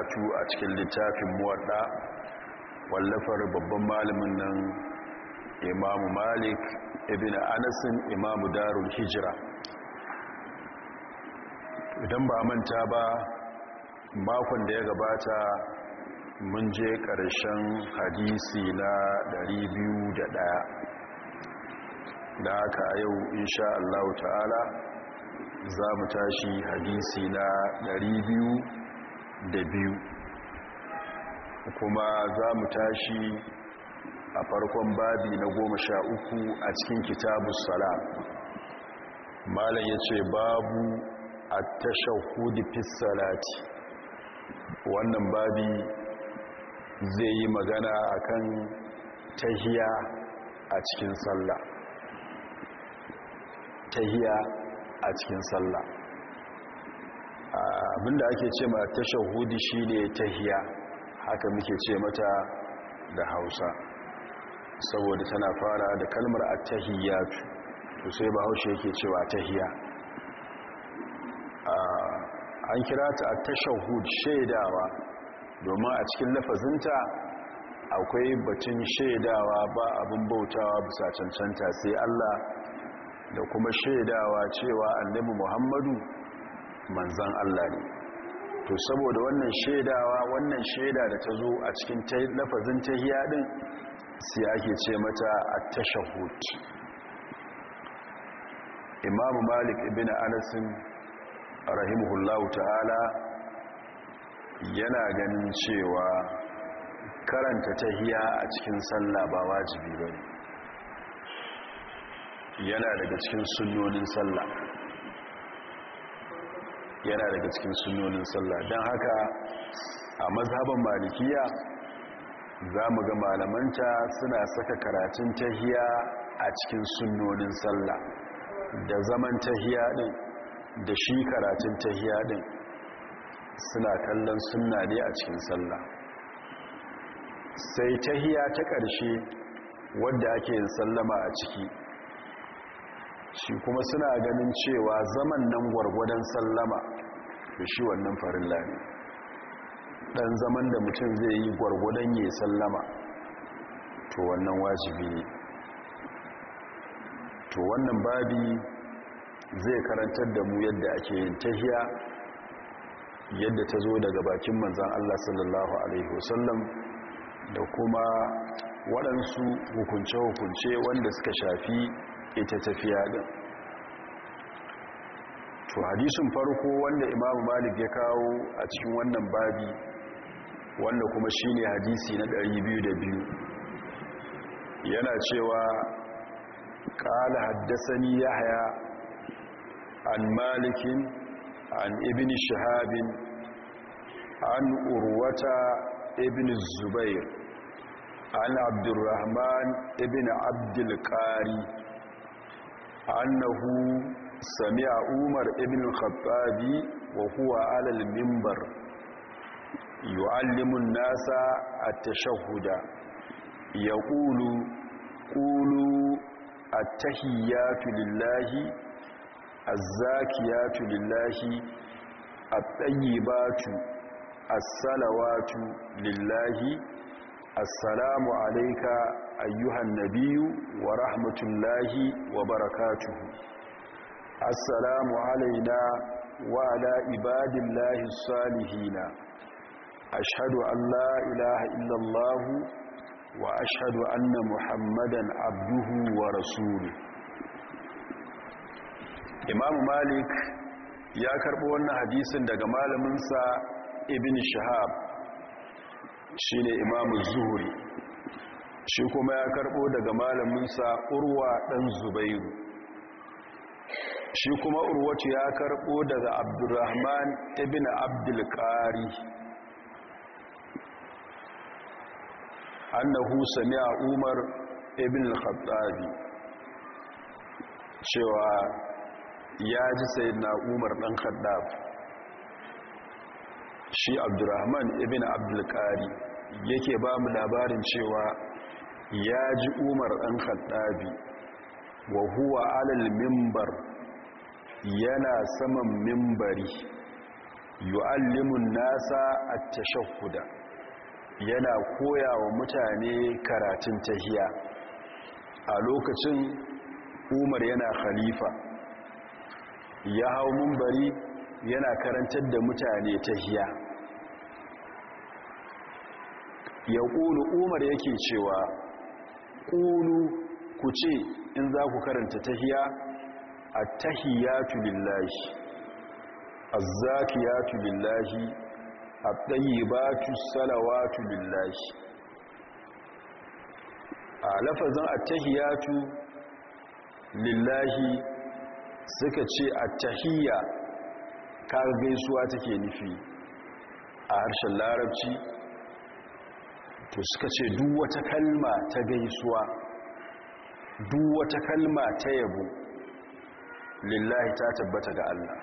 karatu a cikin littafin muwadda wallafar babban malamin nan imamu malik ibn anasin imamu darul hijira idan ba manta ba makon da ya gabata mun je ƙarshen hadisi na 201 da aka a yau insha Allah ta'ala za mu tashi hadisi na biyu. da biyu kuma za mu tashi a farkon babi na goma sha uku a cikin kitabu sala malam ya ce babu a tashahudi fi salati wannan babi zai yi magana akan tahiya a cikin sallah tahiya a cikin sallah ah, abinda ake ce ma ne ta hiya haka muke ce mata da Hausa saboda tana fara da kalmar ta tahiyatu to sai bahaushe yake cewa tahiya an kira ta ta shahudi shaidawa domin a cikin lafazinta akwai batun shaidawa ba abin bautawa bisa cancanta sai Allah da kuma shaidawa cewa annabi Muhammadu manzan Allah ne to saboda wannan shaidawa wannan shaida da ta zo a cikin lafazin tahiya din sai ake ce mata at-tashahhud Imam Malik ibn Anas rahimahullahu ta'ala yana ganin cewa karanta tahiya a cikin sallah ba wajibi bane yana daga cikin sunnonin sallah yana daga cikin sunonin sallah don haka a mazhaban malikiya za mu ga malamanta suna saka karatun tahiya a cikin sunonin sallah da zaman tahiya din da shi karatun tahiya din suna kallon sunna ne a cikin sallah sai tahiya ta ƙarshe wadda ake yin sallama a ciki shi kuma suna ganin cewa zaman nan gwargwadon sallama da shi wannan farilla ne dan zaman da mutum zai yi gwargwadon ya sallama to wannan wajibi ne to wannan babi zai karantar da mu yadda ake yin tahiya yadda ta zo daga bakin manzan Allah sallallahu alaihi wasallam da kuma waɗansu hukunce-hukunce wanda suka shafi ita tafiya ɗin to hadisun farko wanda imamu malik ya kawo a cikin wannan babi wanda kuma shi ne hadisi na 202 yana cewa ƙala haddasani ya haya an malikin an ibini shahabin an urwata ibini zubair an abdurrahman ibn abdulkari annahu sami'a umar ibn khattabi wa huwa alal mimbar yu'allimu an-nasa at-tashahhuda yaqulu qulu at-tahiyyatu lillahi az-zakiyatu lillahi at-tayyibatu as-salawatu lillahi assalamu alayka ayyuhan nabiyu wa rahmatullahi wa barakatuhu assalamu alaina wa ala ibadillahi salihina ashhadu an la ilaha illallah wa ashhadu anna muhammadan abduhu wa rasuluhu imam malik ya karbo wannan hadisin daga malaminsa ibn shahab shine imam zuhri shi kuma ya karbo daga malaminsa urwa ɗan zubairu shi kuma urwatu ya karbo daga abdurrahman ibn abdulkari annahu sami'a umar ibn al-khattabi cewa ya ji sayyidina umar dan khattab shi abdurrahman ibn abdulkari yake ba mu labarin cewa ya ji umar ɗan haɗabi wa huwa alal mimbar yana saman mimbari yu'allimun nasa a huda, yana koya wa mutane karatun tahiya a lokacin umar yana khalifa ya hau mimbari yana karantar da mutane tahiya ya ƙulu umar yake cewa Kulu ku ce in za ku karanta tahiya a tahiyatu lillahi tu lillahi a salawa tu lillahi a lafazin a tahiyatu lillahi suka ce a tahiyya kar gaisuwa take nufi a harshen larabci to suka ce duk wata kalma ta gaisuwa duk wata kalma ta yabo lillahi ta tabbata ga Allah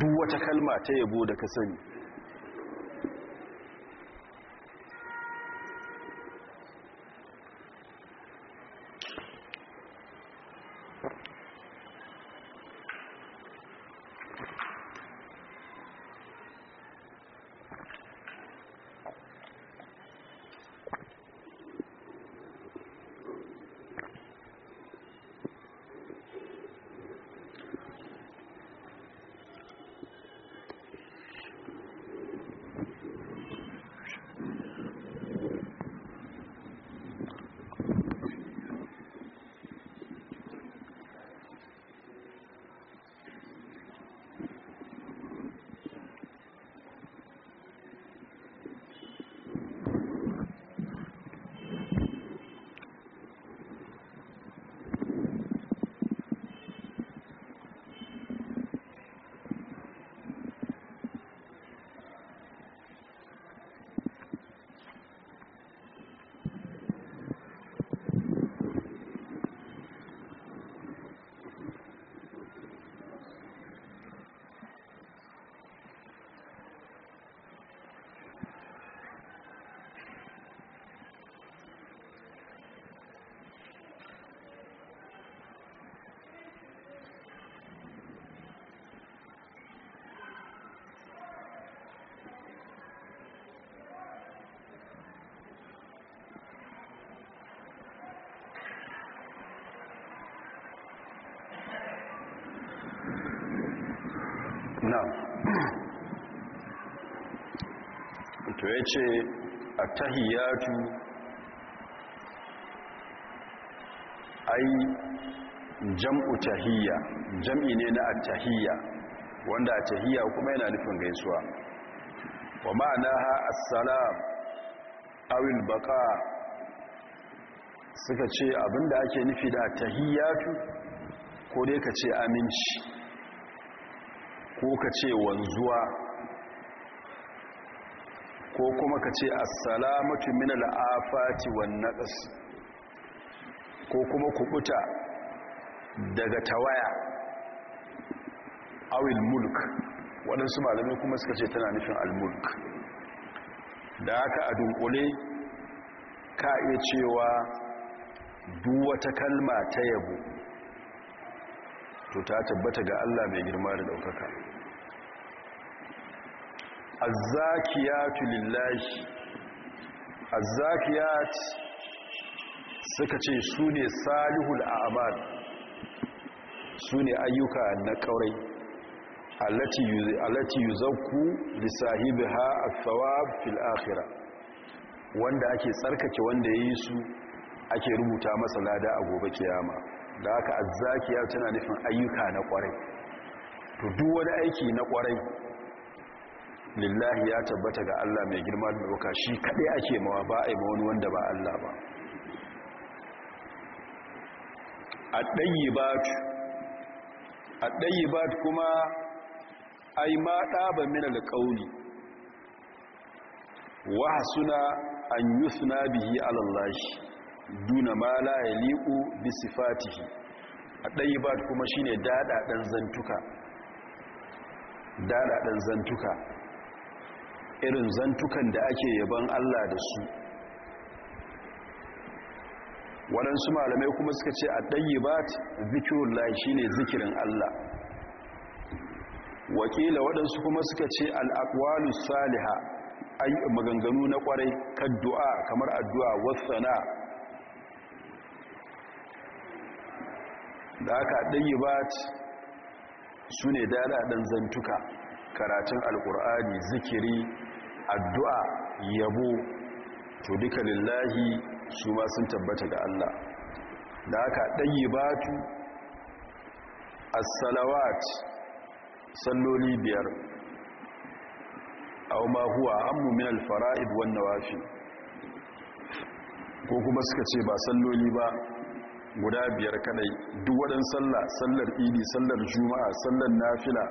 duk wata kalma ta yabo da ka sani to ya ce a tahiyatu ai jam'u tahiyya jam'i ne na tahiyya wanda a tahiyya kuma yana nufin gaisuwa wa ma'ana ha assalam awil baka suka ce abinda ake nufi da tahiyyatu ko dai ka ce aminci ko ka ce wanzuwa ko kuma ka ce assalamatu min al'afati wan naqas ko kuma kubuta daga tawaya awil mulk waɗansu malamai kuma suka ce tana nufin al-mulk da haka a dunkule ka iya cewa duwata kalma ta yabo to ta tabbata ga Allah mai girma da ɗaukaka azzakiyatu lillahi azzakiyat suka ce su ne salihul a'mal su ne ayyuka na kaurai allati yuzakku li sahibiha ath fil akhirah wanda ake tsarkake wanda yayi su ake rubuta masa lada a gobe kiyama da haka azakiya tana nufin ayyuka na kwarai to duk wani aiki na kwarai lillahi ya tabbata ga Allah mai girma da doka shi kaɗai ake mawa ba a yi ma wani wanda ba Allah ba a ɗayi ba a ɗayi ba kuma ai ma ɗaba mina da ƙauni wa suna an yi suna bihi alallashi duna ma la ya liƙu bisifatihi a ɗayi ba kuma shi ne daɗaɗen zantuka daɗaɗen zantuka irin zantukan da ake yaban Allah da su waɗansu malamai kuma suka ce a ɗayi ba zikirullah shi ne zikirin Allah wakila waɗansu kuma suka ce al'akwalu saliha maganganu na ƙwarai kan du'a kamar addu'a wasana da aka ɗayi ba su ne daɗaɗen zantuka karatun alƙur'ani zikiri addu'a yabo to duka lillahi su ma sun tabbata ga Allah da aka ɗayi batu a salawat salloli biyar a ma huwa an min al-fara'id wannan wafi ko kuma suka ce ba salloli ba guda biyar kadai duk waɗin sallah sallar idi sallar juma'a sallar nafila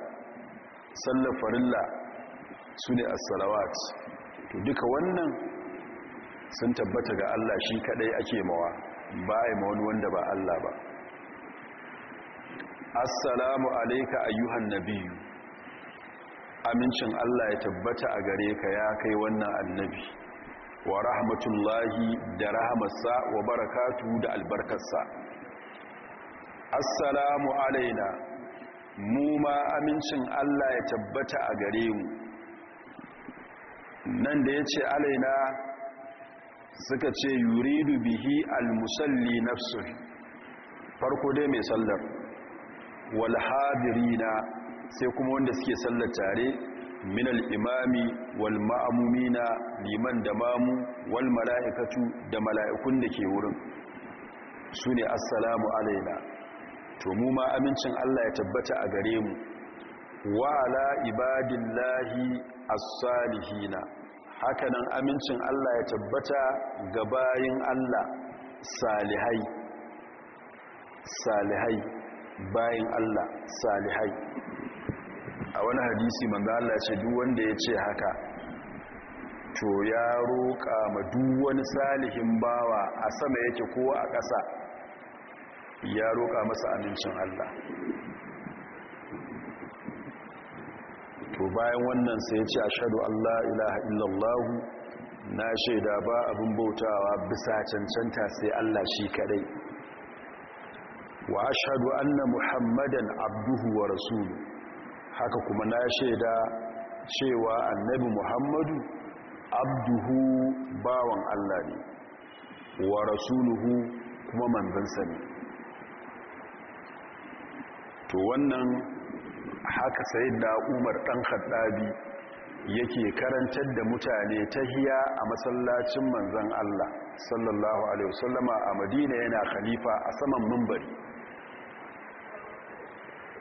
sallar farilla su ne as-salawat to duka wannan sun tabbata ga Allah shi kadai ake mawa ba a ma wani wanda ba Allah ba assalamu alaika ayyuhan nabiyyu amincin Allah ya tabbata a gare ka ya kai wannan annabi wa rahmatullahi da rahamarsa wa barakatu da albarkarsa assalamu alaina mu ma amincin Allah ya tabbata a gare mu nan da ya ce alaina suka ce yuridu bihi almusalli nafsun farko dai mai sallar walhadirina sai kuma wanda suke sallar tare minal imami, wal ma'amumina liman da mamu wal mala'ikatu da mala'ikun da ke wurin su ne assalamu alaina to mu ma amincin Allah ya tabbata a gare mu wa ala ibadillahi as-salihina hakanan amincin Allah ya tabbata ga bayin Allah salihai salihai bayin Allah salihai a wani hadisi manzo Allah ce duk wanda ya ce haka to ya roƙa ma duk wani salihin bawa a sama yake ko a ƙasa ya roƙa masa amincin Allah bayan wannan sai ya a shaɗu allah ilaha illallah na shaida ba abin bautawa bisa cancanta sai allah shi kadai wa ashhadu anna muhammadan abduhu wa rasulu haka kuma na shaida cewa annabi muhammadu abduhu bawan allah ne wa rasuluhu kuma manzansa ne to wannan haka da umar dan khattabi yake karantar da mutane ta tahiya a masallacin manzon Allah sallallahu alaihi wasallama a Madina yana khalifa a saman minbari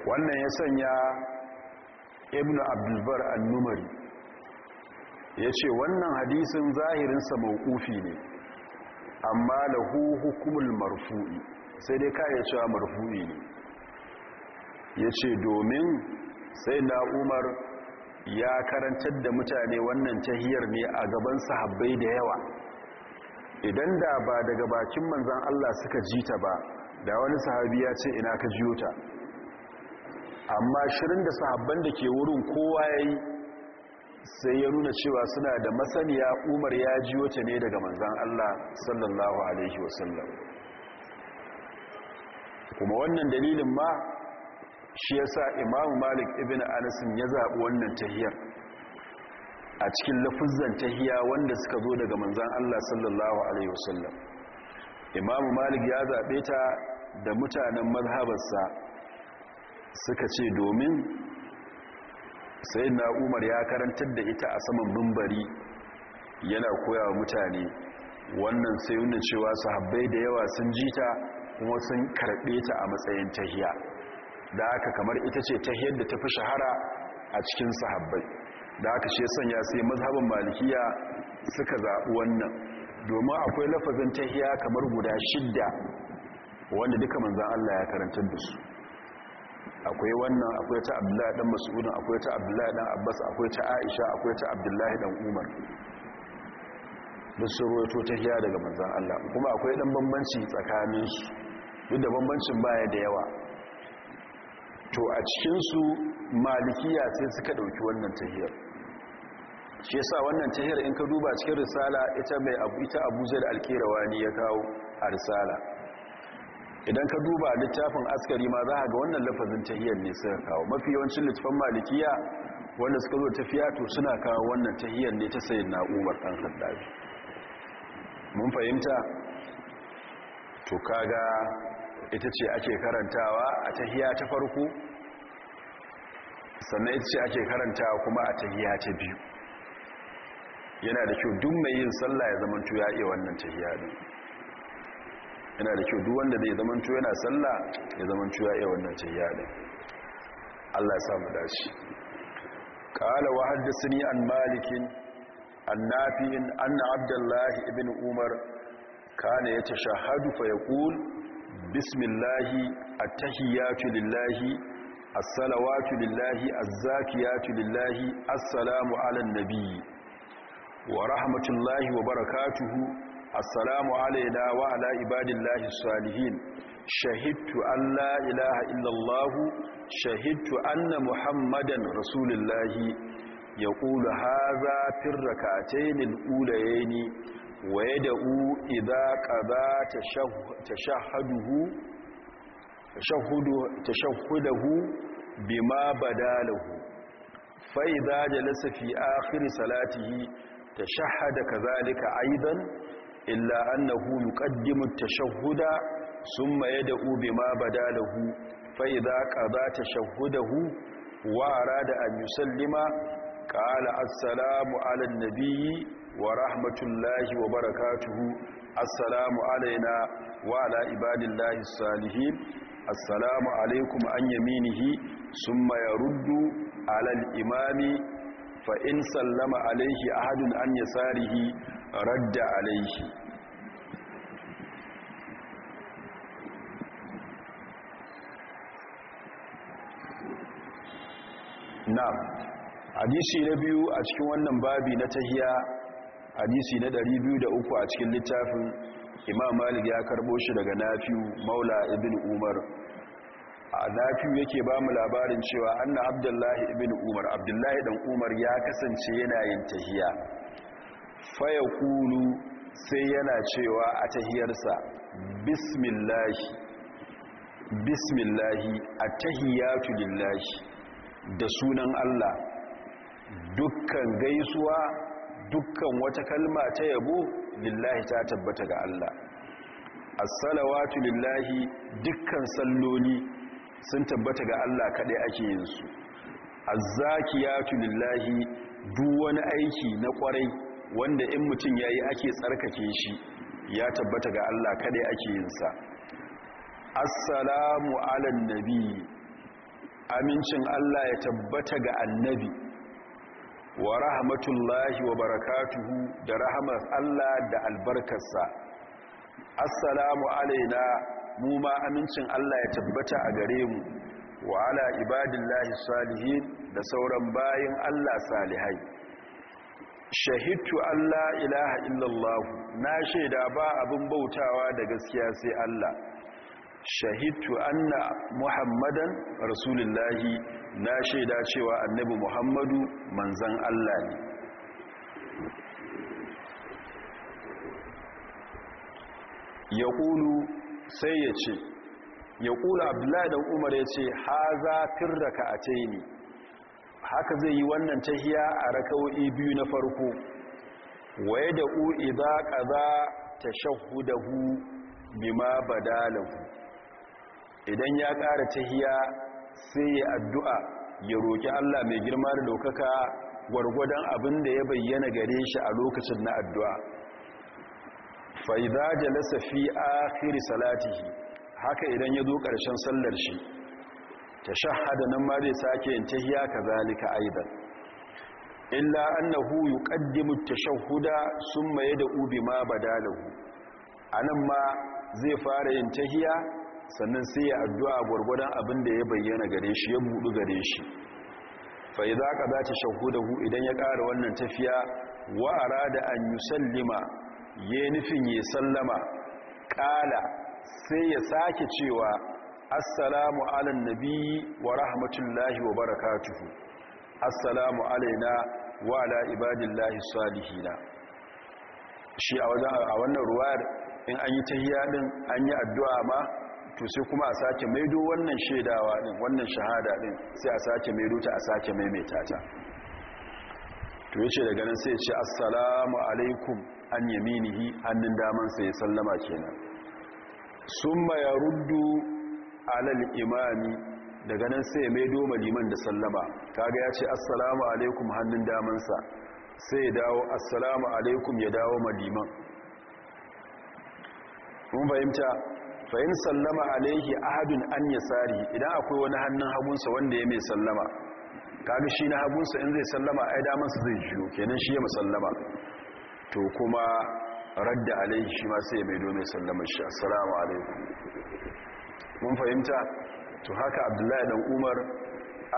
wannan ya sanya ibnu abdulbar al numari yace wannan hadisin zahirin sa mauqufi ne amma lahu hukumul marfu'i sai dai kai cewa marfu'i ne ya ce domin sai na umar ya karantar da mutane wannan tahiyar ne a gaban sahabbai da yawa idan da ba daga bakin manzan Allah suka jita ba da wani sahabi ya ce ina ka jiyota amma shirin da sahabban da ke wurin kowa ya yi sai ya nuna cewa suna da masaniya umar ya jiyota ne daga manzan Allah sallallahu alaihi wasallam kuma wannan dalilin ma shi ya sa imamu malik ibn anasin ya zaɓi wannan tahiyar a cikin lafuzan tahiya wanda suka zo daga manzan allah sallallahu alaihi wasallam imamu malik ya zaɓe ta da mutanen mazhabarsa suka ce domin sai na umar ya karantar da ita a saman bumbari yana koya wa mutane wannan sai yunin cewa su sahabbai da yawa sun ji ta kuma sun karɓe ta a matsayin tahiya da aka kamar ita ce ta yadda ta fi shahara a cikin sahabbai da aka ce sanya sai mazhabin malikiya suka zaɓi wannan domin akwai lafazin tahiya kamar guda shidda wanda duka manzan Allah ya karantar da su akwai wannan akwai ta abdullahi dan mas'udin akwai ta abdullahi dan abbas akwai ta aisha akwai ta abdullahi dan umar duk sun ta tahiya daga manzan Allah kuma akwai dan bambanci tsakaninsu duk da bambancin baya da yawa to a cikinsu malikiya sai suka ɗauki wannan tahiyar shi yasa wannan tahiyar in ka duba cikin risala ita mai ita abuja da alkerawa ne ya kawo a risala idan ka duba littafin askari ma za a ga wannan lafazin tahiyar ne suka kawo mafi yawancin littafin malikiya wanda suka zo tafiya to suna kawo wannan tahiyar ne ta sayin na'umar ɗan haddabi mun fahimta to kaga ita ce ake karantawa a tahiya ta farko sannan ita ce ake karantawa kuma a tahiya ta biyu yana da kyau duk mai yin sallah ya zama ya iya wannan tahiya ne yana da kyau duk wanda zai tuya na sallah ya zama tuya iya wannan tahiya ne Allah ya samu dace قال وحدثني an مالك عن نافع أن عبد الله بن عمر كان يتشهد فيقول bismillahi attahiyatu lillahi assalawatu lillahi azzakiyatu lillahi assalamu ala nabi wa rahmatullahi wa barakatuhu assalamu alaina wa ala ibadillahi salihin shahidtu an la ilaha illallahu shahidtu anna muhammadan rasulullahi yaqulu hadha fi rak'atayn al-ulayayn waye da u idha qada ta tashahudu tashahudahu bima badalahu fa idha jalasa fi akhir salatihi tashahada kadhalika aidan illa annahu yuqaddimu Sun tashahhuda da yad'u bima badalahu fa idha qada tashahudahu Wara da an yusallima qala assalamu ala nabiyyi wa rahmatullahi wa barakatuhu assalamu alaina wa ala ibadillahi salihin assalamu alaikum an yaminihi summa yaruddu ala al-imami fa in sallama alaihi ahadun an yasarihi radda alaihi na hadisi na biyu a cikin wannan babi na tahiya hadisi na 203 a cikin littafin imam malik ya karbo shi daga nafi'u maula ibn umar a nafi'u yake ba mu labarin cewa anna abdullahi ibn umar abdullahi dan umar ya kasance yana yin tahiya fa yaqulu sai yana cewa a tahiyarsa bismillahi bismillahi attahiyatu lillahi da sunan Allah dukkan gaisuwa dukkan wata kalma ta yabo lillahi ta tabbata ga Allah as-salawatu lillahi dukkan salloli sun tabbata ga Allah kadai ake yin su az-zakiyatu lillahi duk wani aiki na kwarai wanda in mutum yayi ake tsarkake shi ya tabbata ga Allah kadai ake yin sa assalamu ala nabi amincin Allah ya tabbata ga annabi wa rahmatullahi wa barakatuhu da rahmar Allah da albarkarsa assalamu alaina mu ma amincin Allah ya tabbata a gare mu wa ala ibadillahi salihin da sauran bayin Allah salihai shahidtu Allah ilaha illallah na shaida ba abin bautawa da gaskiya sai Allah shahidtu anna muhammadan rasulullahi na shaida cewa annabi muhammadu manzan allah ne ya ƙulu sai ya ce ya ƙulu abdullahi da umar ya ce ha za firraka a taini haka zai yi wannan tahiya a raka'o'i biyu na farko waye da u'i za ka za ta shahudahu bima badalahu idan ya ƙara tahiya sai ya addu'a ya roƙi Allah mai girma da ɗaukaka gwargwadon abin da ya bayyana gare shi a lokacin na addu'a fa'iza jalasa fi firi salatihi haka idan ya zo ƙarshen sallar shi ta shahada nan ma zai sake yin tahiya ka zalika aidan illa annahu yuqaddimu at-tashahhuda summa yad'u bima badalahu anan ma zai fara yin tahiya sannan sai ya addu'a gwargwadon abin da ya bayyana gare shi ya buɗu gare shi fa'iza ka za ta shahu da hu idan ya ƙara wannan tafiya wa'ara da an yi sallima ya nufin ya sallama ƙala sai ya sake cewa assalamu alin nabi wa rahmatullahi wa barakatuhu assalamu alaina wa ala ibadillahi salihina shi a wannan ruwa in an yi tahiya din an yi addu'a ma to sai kuma a sake maido wannan shaidawa din wannan shahada din sai a sake maido ta a sake maimaita ta to yace daga nan sai ya assalamu alaikum an yaminihi hannun daman sai ya sallama kenan summa yaruddu alal imami daga nan sai ya maido maliman da sallama kaga yace assalamu alaikum hannun damansa sai ya dawo assalamu alaikum ya dawo maliman mun fahimta fa'in sallama alaihi ahadun an tsari idan akwai wani hannun hagunsa wanda ya mai sallama kaga shi na hagunsa in zai sallama ai damansa zai jiyo kenan shi ya musallama to kuma radda alaihi shi ma sai ya mai domin sallamar shi assalamu alaikum mun fahimta to haka abdullahi dan umar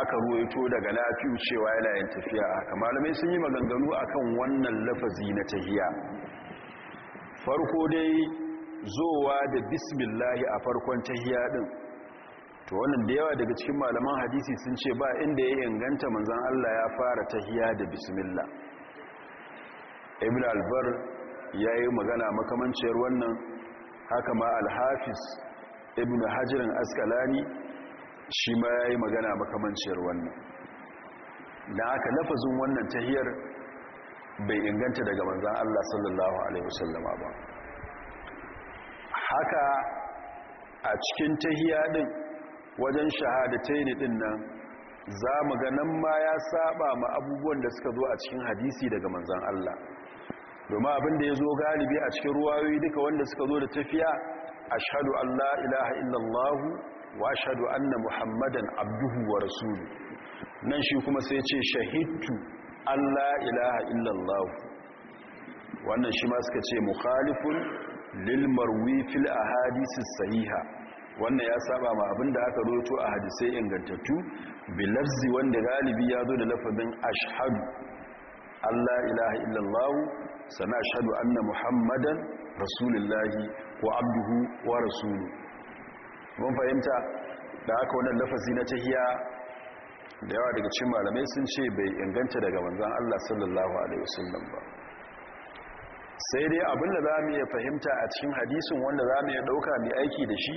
aka ruwaito daga lafiyu cewa yana yin tafiya haka malamai sun yi maganganu akan wannan lafazi na tahiya farko dai zowa da bismillahi a farkon tahiya din to wannan da yawa daga cikin malaman hadisi sun ce ba inda ya inganta manzon Allah ya fara tahiya da bismillah ibn albar ya magana makamanciyar wannan haka ma alhafiz ibn hajjirin askalani shi ma ya magana makamanciyar wannan da aka lafazin wannan tahiyar bai inganta daga manzon Allah sallallahu Alaihi wasallama ba haka a cikin tahiya din wajen shahadataini din nan za mu ga nan ma ya saba ma abubuwan da suka zo a cikin hadisi daga manzan Allah domin abinda ya zo galibi a cikin ruwayoyi duka wanda suka zo da tafiya ashhadu an allah ilaha illallahu wa ashhadu anna muhammadan abduhu wa rasuluhu nan shi kuma sai ce shahidtu allah ilaha illallahu wannan shi ma suka ce mukhalifun lilmarwi fil ahadisi sahiha wannan ya saba ma abinda aka roto a hadisai ingantattu bilafzi wanda galibi ya zo da lafazin Ashadu. Allah ilaha illallah sana ashadu anna muhammadan rasulullahi ko abduhu wa rasulu mun fahimta da aka wannan lafazi na tahiya da yawa daga cikin malamai sun ce bai inganta daga manzon Allah sallallahu alaihi wasallam ba sai dai abin da za mu iya fahimta a cikin hadisin wanda za mu iya ɗauka mai aiki da shi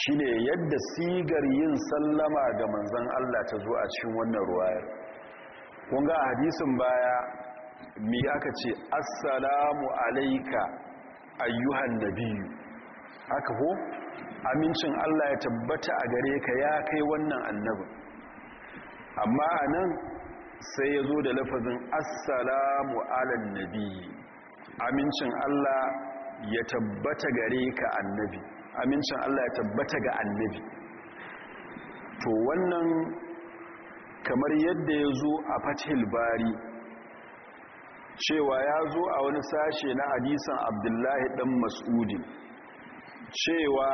shi ne yadda sigar yin sallama ga manzan Allah ta zo a cikin wannan ruwayar ga a hadisin baya mai aka ce assalamu alaika ayyuhan nabiyu haka ko amincin Allah ya tabbata a gare ka ya kai wannan annabin amma anan sai ya zo da lafazin assalamu alan nabiyu amincin Allah ya tabbata gare ka annabi amincin Allah ya tabbata ga annabi to wannan kamar yadda ya zo a fatihil bari cewa ya zo a wani sashe na hadisan abdullahi dan mas'udi cewa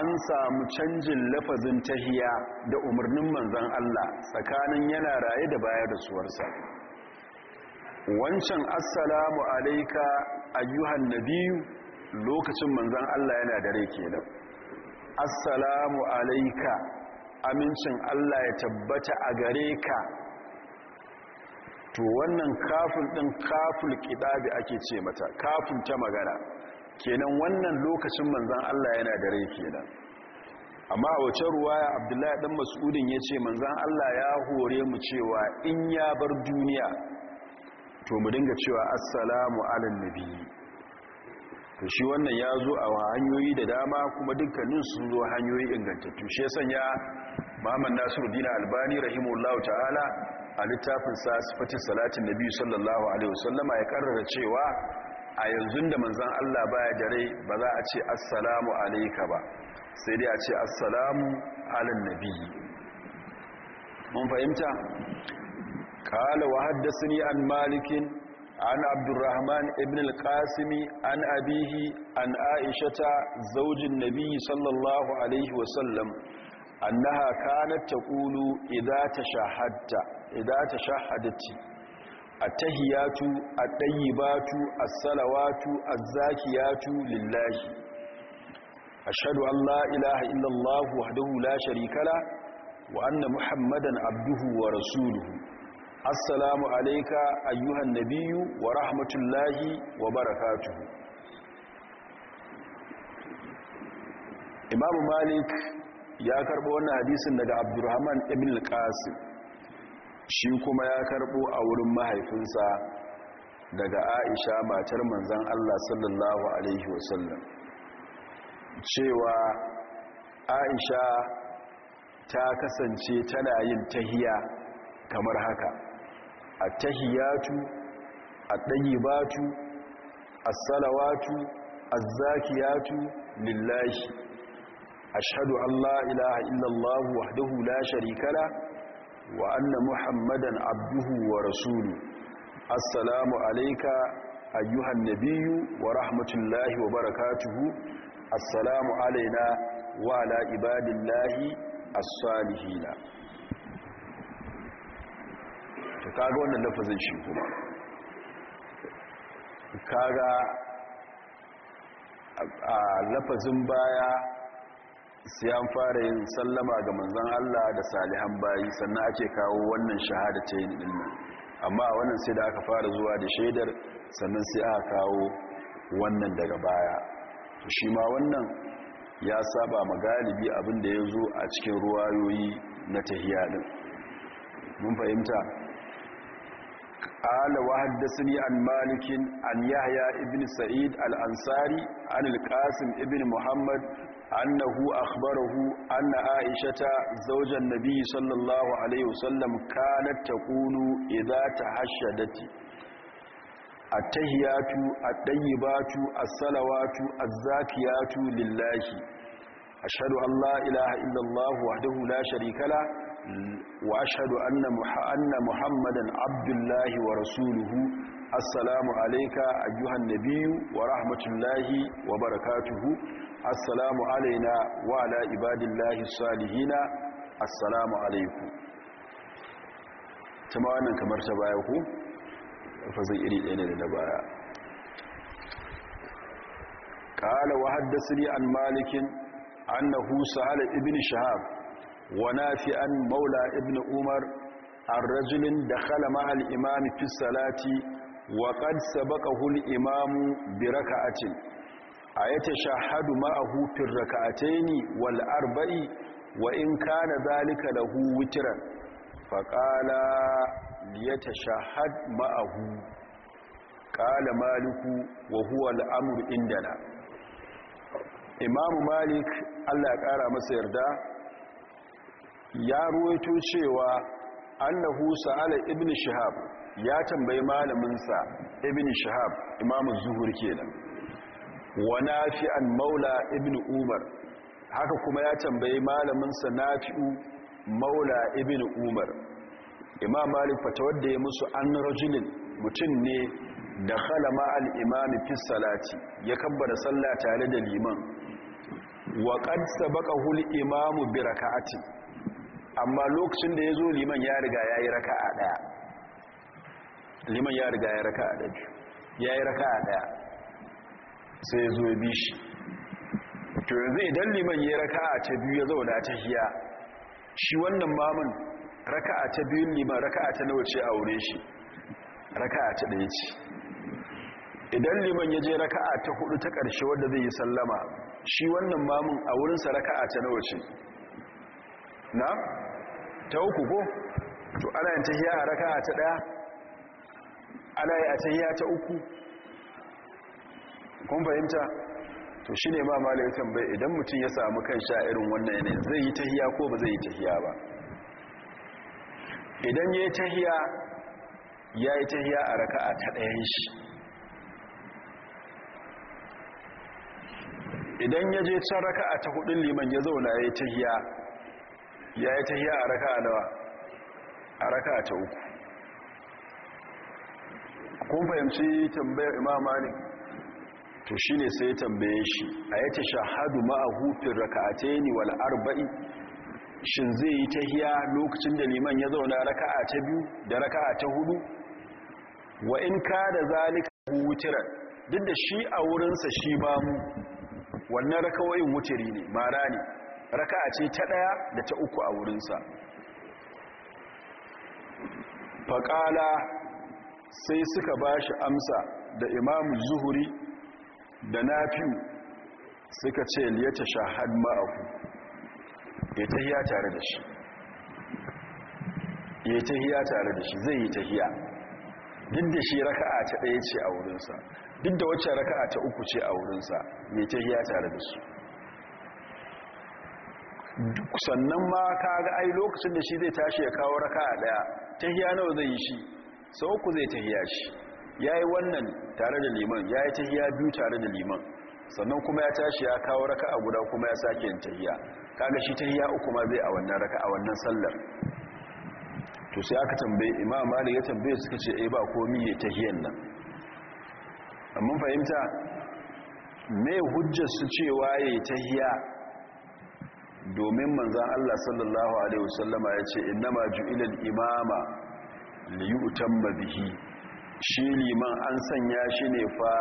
an samu canjin lafazin tahiya da umarnin manzan Allah tsakanin yana raye da bayar da suwarsa wancan assalamu alaika ayyuhan nabiyu lokacin manzan Allah yana da rai kenan assalamu alaika amincin Allah ya tabbata a gare ka to wannan kafin din kaful kidabi ake ce mata kafin ta magana kenan wannan lokacin manzan Allah yana da rai kenan amma a wace ruwaya abdullahi dan mas'udin ya ce manzan Allah ya hore mu cewa in ya bar duniya to mu dinga cewa assalamu alal nabi to shi wannan ya zo a hanyoyi da dama kuma dukkanin sun zo hanyoyi ingantattu shi sanya Nasiru dina Albani rahimullahu ta'ala a littafin sa sifatin salatin nabi sallallahu alaihi wasallama ya karrara cewa a yanzu da manzon Allah baya da rai ba za a ce assalamu alayka ba sai dai a ce assalamu alal nabi mun fahimta kala wa haddasini an malikin an abdurrahman ibn al-qasimi an abihi an aishata zaujin nabiyyi sallallahu alaihi wasallam annaha kanat taqulu idza tashahhadta idza tashahhadati a tahiyatu at-tayyibatu as-salawatu az-zakiyatu lillahi ashhadu an la ilaha illa allah wahdahu la sharika wa anna muhammadan abduhu wa rasuluhu assalamu alaika ayyuhan nabiyu wa rahmatullahi wa barakatu. imamu malik ya karbo wannan hadisin daga abdurrahman ibn al-qasim shi kuma ya karbo a wurin mahaifinsa daga aisha matar manzan allah sallallahu alaihi wasallam cewa aisha ta kasance tana yin tahiya kamar haka attahiyatu a tayyibatu as-salawatu az-zakiyatu lillahi ashhadu an la ilaha illallah wahdahu la sharika la wa anna muhammadan abduhu wa rasuluhu assalamu alaika ayyuhan nabiyu wa rahmatullahi wa barakatuhu assalamu alaina, wa ala ibadillahi as-salihina to kaga wannan lafazin shi kuma kaga a lafazin baya sai an fara yin sallama ga manzon Allah da salihan bayi sannan ake kawo wannan shahada ce yin ilmi amma wannan sai da aka fara zuwa da shaidar sannan sai aka kawo wannan daga baya shi ma wannan ya saba ma galibi abin da ya zo a cikin ruwayoyi na tahiya din mun fahimta قال وحدثني عن مالك عن يحيى ابن سعيد الأنصاري عن القاسم ابن محمد أنه أخبره أن عائشة زوج النبي صلى الله عليه وسلم كانت تقول إذا تحشدت التهيات الطيبات الصلوات الزاكيات لله أشهد أن لا إله إلا الله وحده لا شريك له وأشهد أن, مح أن محمدا عبد الله ورسوله السلام عليك أيها النبي ورحمة الله وبركاته السلام علينا وعلى عباد الله الصالحين السلام عليكم كما أنك مرتبا يقول فزي إلي إلي لنبايا قال وحدثني عن مالك أنه سأل ابن شهاب ونافعا مولى ابن عمر الرجل دخل مع الإمام في الصلاة وقد سبقه الإمام بركعة أيتشهد معه في الركعتين والأربع وإن كان ذلك له وترا فقال ليتشهد معه قال مالك وهو الأمر عندنا imamu malik allah ya kara masa yarda ya ruwaito cewa annahu sa'ala ibn shihab ya tambayi malamin sa ibn shihab imam az-zuhur kenan wa an maula ibn umar haka kuma ya tambayi malamin sa nafi'u maula ibn umar imam malik fatawar ya musu an rajulin mutum ne da khalama ma al-imam fi salati ya kabbara sallah tare da liman wa qad sabaqahu al-imam bi raka'atin amma lokacin da ya zo liman ya riga ya yi raka a ɗaya liman ya riga ya raka a ɗaya ya yi raka a daya sai ya zo ya bi shi to yanzu idan liman ya raka a ta biyu ya zauna ta hiya shi wannan mamun raka a ta biyun liman raka a ta nauce a wure shi raka a ta ɗaya ce idan liman ya je raka a ta hudu ta ƙarshe wadda zai yi sallama shi wannan mamun a wurinsa raka a ta nauce na ta uku ko to ana yin tahiya a raka'a ta daya ana yi a tahiya ta uku kun fahimta to shine ma malai tambaye idan mutum ya samu sha irin wannan yanayin zai yi tahiya ko ba zai yi tahiya ba idan ya yi tahiya ya yi tahiya a raka'a ta daya shi idan ya je can raka'a ta hudun liman ya zauna ya yi tahiya ya yi tahiya a raka nawa a raka ta uku kun fahimci tambayar imama ne to shi ne sai tambaye shi a ya ta shahadu ma'ahufin raka'ate ni wal arba'i shin zai yi tahiya lokacin da liman ya zauna raka'a ta biyu da raka'a ta hudu wa in ka da zalika wutiran duk da shi a wurinsa shi ba mu wannan rakawoyin wutiri ne mara ne raka'a ce ta ɗaya da ta uku a wurinsa faƙala sai suka ba shi amsa da imamu zuhuri da nafiu suka ce liyata shahad ma'ahu ya ta hiya tare da shi ya ta hiya tare da shi zai yi tahiya duk da shi raka'a ta ɗaya ce a wurinsa duk da wacce raka'a ta uku ce a wurinsa ya ta hiya tare da shi sannan ma ka ga ai lokacin da shi zai tashi ya kawo raka a daya tahiya nawa zai yi shi sau ku zai tahiya shi ya yi wannan tare da liman ya yi tahiya biyu tare da liman sannan kuma ya tashi ya kawo raka a guda kuma ya sake yin tahiya ga shi tahiya uku ma zai a wannan raka a wannan sallar to sai aka tambaye imam malik ya tambaye suka ce eh ba komi ya tahiyan nan amma fahimta me hujjar su cewa yayi tahiya domin manzan Allah sallallahu Alaihi wasallama ya ce ma ju'ilal imama utan mabihi shi liman an sanya shi ne fa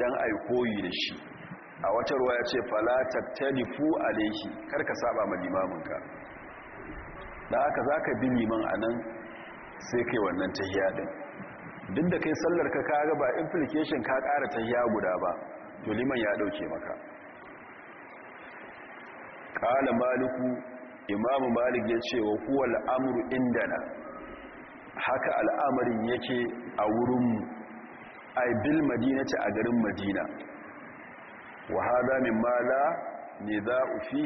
don aikoyi da shi a watarwa ruwa ya ce fala a alaihi karka saba ma limaminka da aka za ka bi liman a nan sai kai wannan tahiya din duk da kai sallar ka kaga ba implication ka kara tahiya guda ba to liman ya dauke maka kala maliku imamu malik ya ce wa kuwa al'amuru indana haka al'amarin yake a wurinmu a bil madina ce a garin madina wa haɗa min mala ne za a fi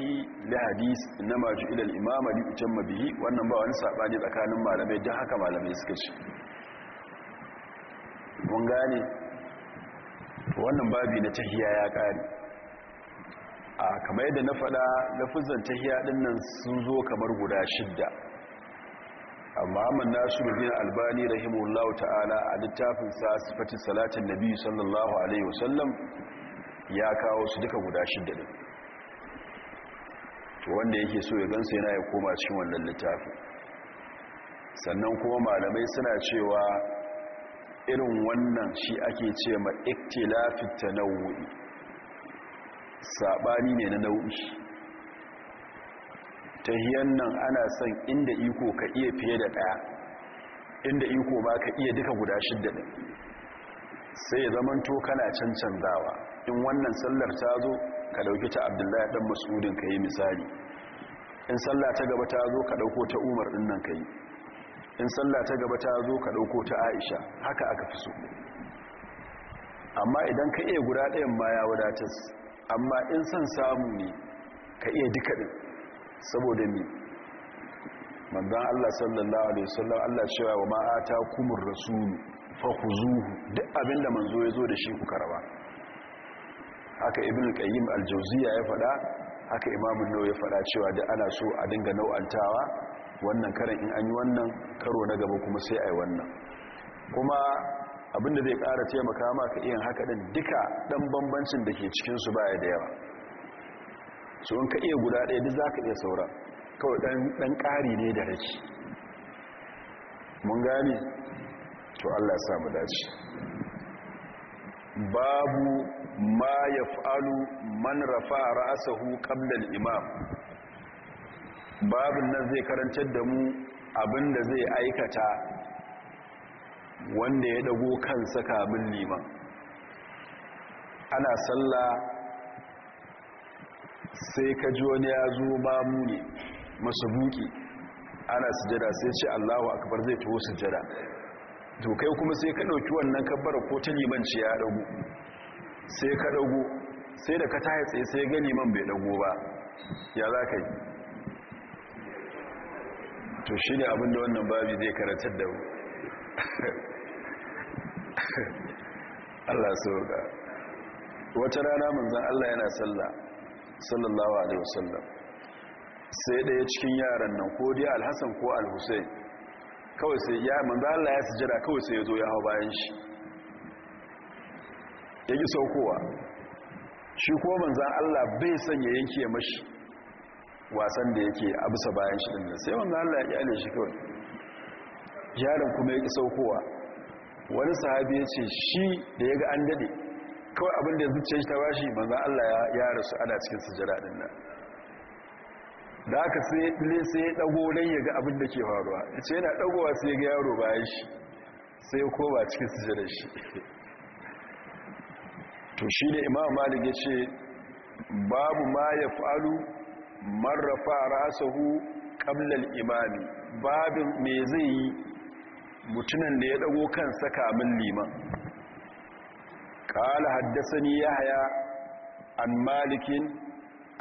da hadis na maju idan imama da wannan ba wani saɓani tsakanin malamai don haka malamai suka ce mun gane wannan babi na tahiya ya ƙari a kamar yadda na faɗa lafizan tahiya ɗin nan sun zo kamar guda shidda amma nasiru bin albani rahimullahu ta'ala a littafin sa sifatin salatin nabi sallallahu alaihi wasallam ya kawo su duka guda shidda din wanda yake so ya gansa yana ya koma cikin wannan littafin sannan kuma malamai suna cewa irin wannan shi ake ce ma iktilafin saɓani ne na nau'i ta hiyan nan ana son inda iko ka iya fiye da ɗaya inda iko ba ka iya duka guda shidda ne sai ya zaman to kana cancanzawa in wannan sallar ta zo ka ɗauki ta abdullahi ɗan masudin ka yi misali in sallah ta gaba ta zo ka ɗauko ta umar ɗin nan ka yi in sallah ta gaba ta zo ka ɗauko ta aisha haka aka fi so amma idan ka iya guda ɗayan ma ya wadatas amma in son samu ne ka iya duka din saboda ne manzon Allah sallallahu alaihi wasallam Allah cewa wa ma atakumur rasulu fakhuzuhu duk abinda manzo ya zo da shi ku karaba haka ibn Kayyim al-jawziya ya faɗa haka imam an ya faɗa cewa da ana so a dinga nau'antawa wannan karin in an yi wannan karo na gaba kuma sai ai wannan kuma abinda zai ƙara taimaka maka iya haka ɗin duka ɗan bambancin da ke cikin su baya da yawa su in ka iya guda ɗaya duk za ka iya saura kawai ɗan ƙari ne da rage mun gane to allah samu dace babu ma ya fa'alu man rafa ra'asahu ƙablal imam babin nan zai karantar da mu abinda zai aikata wanda ya dago kansa kamin liman ana sallah sai ka ji wani ya zo ba mu ne masu buki ana sujada sai ce allahu akabar zai tuwo sujada to kai kuma sai ka ɗauki wannan kabbar ko ta liman ce ya dago sai ka dago sai da ka ta haitse sai ga liman bai dago ba ya za ka yi to shi ne abinda wannan babi zai karatar da mu Allah sauka wata rana manzan Allah yana sallah sallallahu alaihi wasallam sai ɗaya cikin yaran nan ko dai alhassan ko alhussein kawai sai ya manzan Allah ya sujada kawai sai ya zo ya hau bayan shi ya yi saukowa shi ko manzan Allah bai san ya yanke mashi wasan da yake a bisa bayan shi ɗin sai manzan Allah ya ƙyale shi kawai yaron kuma ya ƙi saukowa wani sahabi ya ce shi da ya ga an dade kawai abinda da zuciya shi ta bashi manzan Allah ya rasu ana cikin sujada din nan da aka sai ya dago don ya ga abinda da ke faruwa ya ce yana dagowa sai ya ga yaro bayan shi sai ya koba cikin sujada shi to shi ne imam malik ya ce babu ma ya faru marrafa rasahu kamlal imami babin me zai yi mutunan da ya dago saka min liman qala haddathani yahya an malikin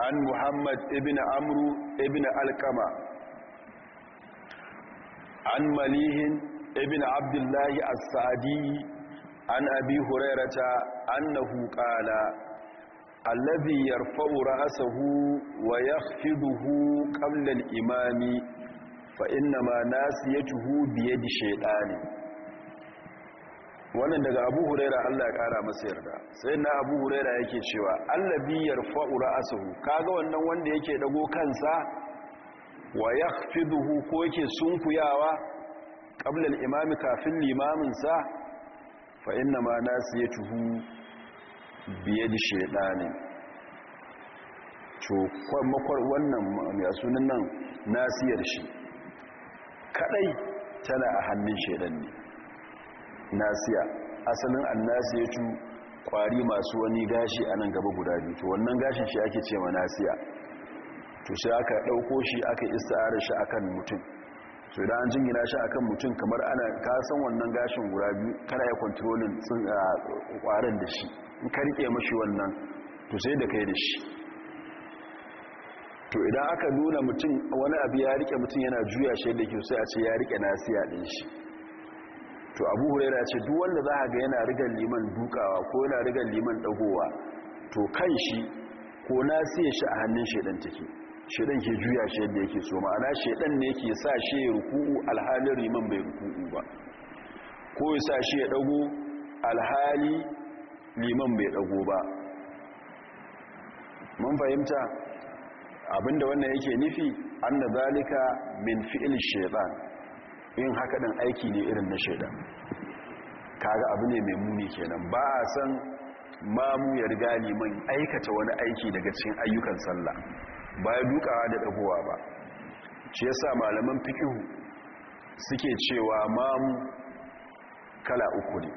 an muhammad ibn amru ibn alkama an malihin ibn abdullahi as-sa'di an abi hurairata annahu qala alladhi yarfa'u ra'sahu wa yakhfiduhu qabla al-imami fa inna ma nasiyatuhu biye da shaidani wannan daga Abu Huraira Allah ya kara masa yarda sai na Abu Huraira yake cewa Allah allabi yarfa'u ra'suhu kaga wannan wanda yake dago kansa wa duhu ko yake sunkuyawa qabla imami kafin limaminsa sa fa inna ma nasiyatuhu biye da shaidani to makon wannan mai asunan nan nasiyar shi kadai tana a hannun shaidan ne nasiya asalin annasiyatu kwari masu wani gashi a nan gaba guda biyu to wannan gashin shi ake ce ma nasiya to sai aka dauko shi aka ista'ara shi akan mutum so idan an jingina shi akan mutum kamar ana ka san wannan gashin guda biyu kana ya kontrolin ah, kwarin da shi in ka rike mashi wannan to sai da kai da shi to idan aka nuna mutum wani abu ya rike mutum yana juya shi da kyau sai a ce ya rike nasiya din shi to abu huraira ce duk wanda za a ga yana rigar liman dukawa ko yana rigar liman ɗagowa, to kan shi ko nasiya shi a hannun shaidan take shaidan ke juya shi yadda yake so ma'ana shaidan ne yake sa shi ya ruku'u alhalin liman bai ruku'u ba ko ya sa shi ya dago alhali liman bai dago ba mun fahimta abinda wannan yake nufi anna zalika min fi'il shaytan in haka din aiki ne irin na shaytan kaga abu ne mai muni kenan ba a san mamu ya riga liman aikata wani aiki daga cikin ayyukan sallah ba ya dukawa da dagowa ba ce yasa malaman fiqh suke cewa mamu kala uku ne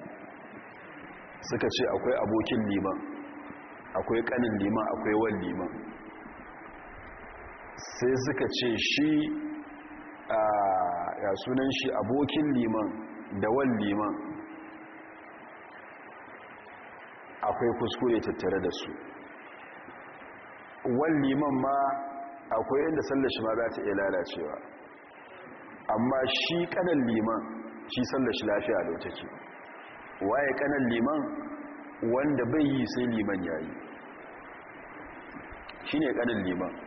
suka ce akwai abokin liman akwai kanin liman akwai wan liman sai suka ce shi a sunan shi abokin liman da wal liman akwai kuskure tattare da su wal liman ma akwai yadda sallar shi ma za ta iya lalacewa amma shi kanan liman shi sallar shi lafiya da wata ke waye kanan liman wanda bai yi sai liman yayi shi ne kanan liman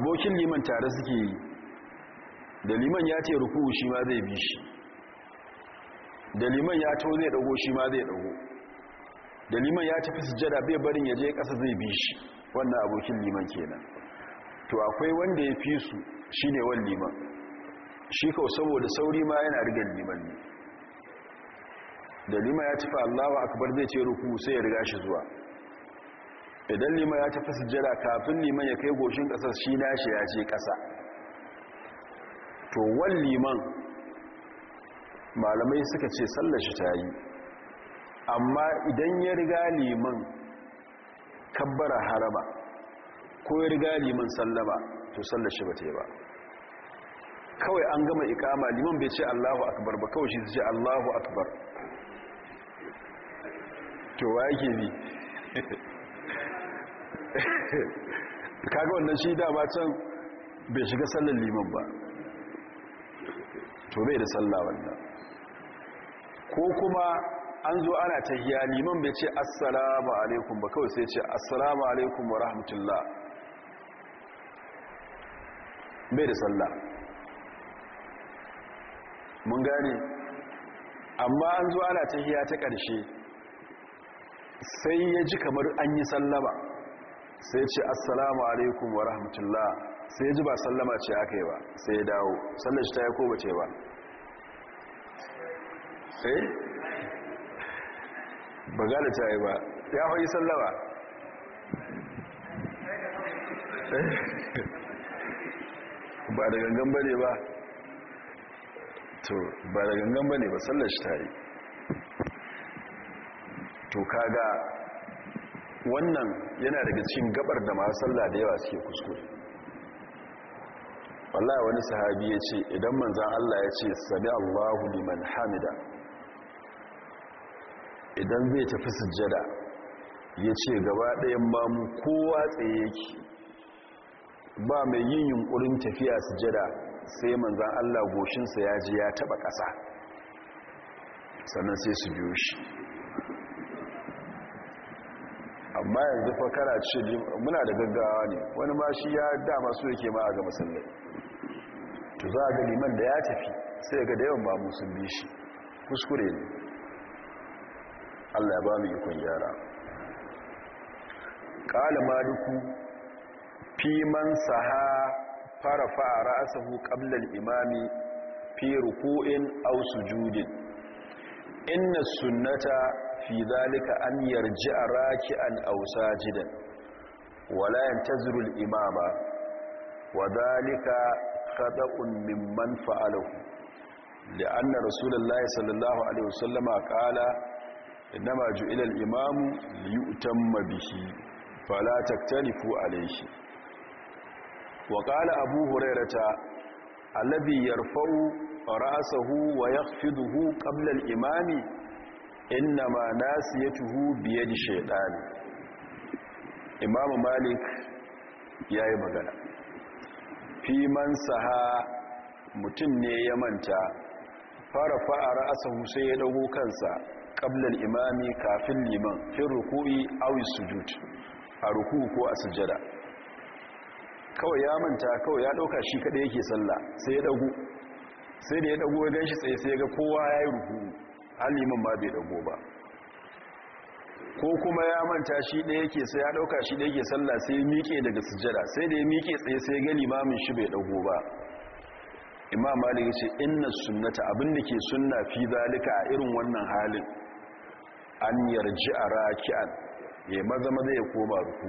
abokin liman tare suke yi da liman ya ce ruku shi ma zai bi shi da liman ya to zai dago shi ma zai dago da liman ya tafi sujada bai barin ya je kasa zai bi shi wannan abokin liman kenan to akwai wanda ya fi su shine wan liman shi kawo saboda sauri ma yana rigar liman ne da liman ya tafi Allahu akbar zai ce ruku sai ya riga shi zuwa idan liman ya tafi sujjada kafin liman ya kai goshin ƙasar shi nashi ya ce ƙasa to wan liman malamai suka ce sallar shi ta yi amma idan ya riga liman kabbara haraba ko ya riga liman sallaba, to sallar shi ba ta ba kawai an gama ikama liman bai ce allahu akbar ba kawai shi ce allahu akbar to wa yake bi kaga wannan shi dama can bai shiga sallar liman ba to bai da sallah wannan ko kuma an zo ana tahiya liman bai ce assalamu alaikum ba kawai sai ce assalamu alaikum wa rahmatullah bai da sallah mun gane amma an zo ana tahiya ta ƙarshe sai ya ji kamar an yi sallama sai ce assalamu alaikum wa rahmatullah sai ji ba sallama ce aka yi ba sai ya dawo sallar shi ta yi ko ba ce ba sai eh? ba gane ta yi ba ya hoyi sallama eh? ba da gangan ba ba to ba da gangan ba ne ba sallar shi ta yi to kaga wannan yana daga cikin gabar da masu sallah da yawa suke kuskure wallahi wani sahabi ya ce idan manzan Allah ya ce sami Allahu liman hamida idan zai tafi sujjada ya ce gaba ɗayan mu kowa tsaye yake ba mai yin yunkurin tafiya sujjada sai manzan Allah goshinsa ya ji ya taɓa ƙasa sannan sai su biyo shi amma yanzu fa kana ce muna da gaggawa ne wani ma shi ya dama su yake ma a ga musulmai to za a ga liman da ya tafi sai ga da yawan ba musulmi shi kuskure ne allah ya ba mu ikon gyara ƙala maliku fi man saha fara fara asahu ƙablar imami fi ruku'in Ausu sujudin inna sunnata fi zalika an yarji a raki'an ausa jidan wala yin tazurul imama wa zalika kaɗa'un mimman fa’alahu da an na rasulallah sallallahu alaihi wasallama kala inda maju ilal imamu yi utan mabishi falatak talifu alaihi wa kala abu hurairu ta alabiyar fa’u ra’asahu wa ya fi ƙablal imami inna ma nasu ya tuhu biye da shaidani imamu malik ya yi magana fi man saha mutum ne ya manta fara fa'ara asa husai ya dago kansa ƙablar imami kafin liman fin ruku'i awis sujud a ruku ko a sujada kawai ya manta kawai ya ɗauka shi kaɗai yake sallah sai ya dago sai da ya dago ya gan shi tsaye sai ya ga kowa ya yi ruku'u halimin ma bai dago ba ko kuma ya manta shi ɗaya yake sai ya ɗauka shi ɗaya yake sallah sai ya miƙe daga sujjada sai da ya miƙe tsaye sai ga limamin shi bai dago ba imam malik ce inna sunnata abin da ke sunna fi zalika a irin wannan halin an yarji a raki'an ya maza maza ya koma ruku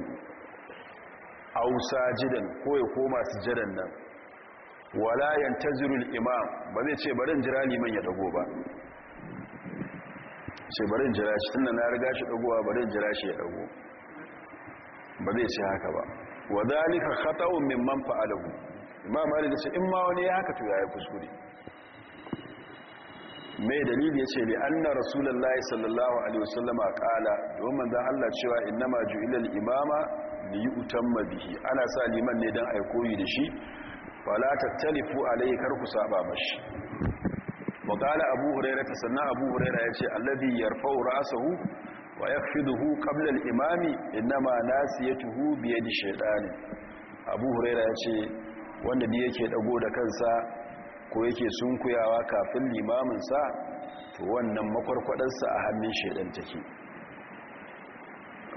ausa jidan ko ya koma sujjadan nan wala yantaziru imam ba zai ce barin jira liman ya dago ba ce barin jira shi tunda na riga shi dagowa barin jira shi ya dago ba zai ce haka ba wa zalika khata'un mimman fa'alahu imam malik ya ce in ma wani ya haka to yayi kuskure mai dalili ya ce li anna rasulullahi sallallahu alaihi wasallama qala domin manzo Allah cewa innama ju'ila al-imama li yutamma bihi ana sa liman ne dan aikoyi koyi da shi wala tattalifu alai kar ku saba mashi wakala abu huraira ta sannan abu huraira ya ce allabi yarfau rasahu wa ya fi duhu kablar imami ma nasi ya tuhu biye da shaidani abu huraira ya ce wanda da yake dago da kansa ko yake sunkuyawa kafin limaminsa to wannan makwarkwadarsa a hannun shaidan take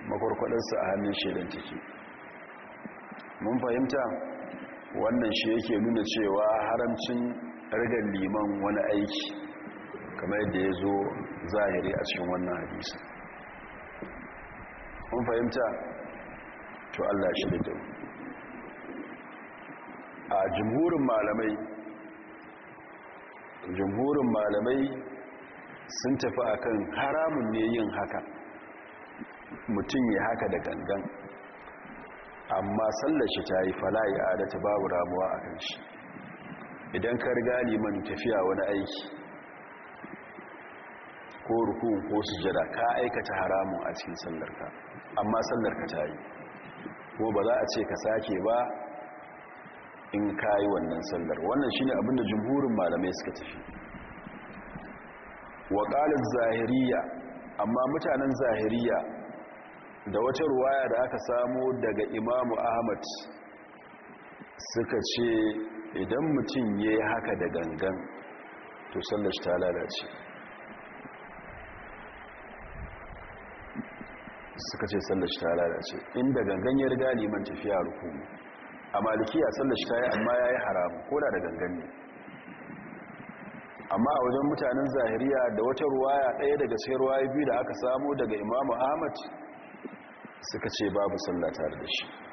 makwarkwadarsa a hannun shaidan take mun fahimta wannan shi yake nuna cewa haramcin rigar liman wani aiki kamar yadda ya zo zahiri a cikin wannan hadisi kun fahimta to allah shi da dau a jimhurin malamai jimhurin malamai sun tafi akan haramun ne yin haka mutum ya haka da gangan amma sallashi ta yi ya adata babu ramuwa a kan shi idan ka riga liman tafiya wani aiki ko ruku ko sujada ka aikata haramun a cikin sallarka amma sallarka ta yi ko ba za a ce ka sake ba in ka yi wannan sallar wannan shine abinda jumhurin malamai suka tafi wa zahiriya amma mutanen zahiriya da wata ruwaya da aka samu daga imamu ahmad suka ce idan mutum ya yi haka da gangan to sallar shi ta lalace suka ce sallar shi ta lalace inda gangan ya riga neman tafiya rukumu a malikiya sallar shi ta yi amma ya yi haramu ko da gangan ne amma a wajen mutanen zahiriya da wata ruwaya ɗaya daga sai ruwaya biyu da aka samu daga imamu ahmad suka ce babu sallah tare da shi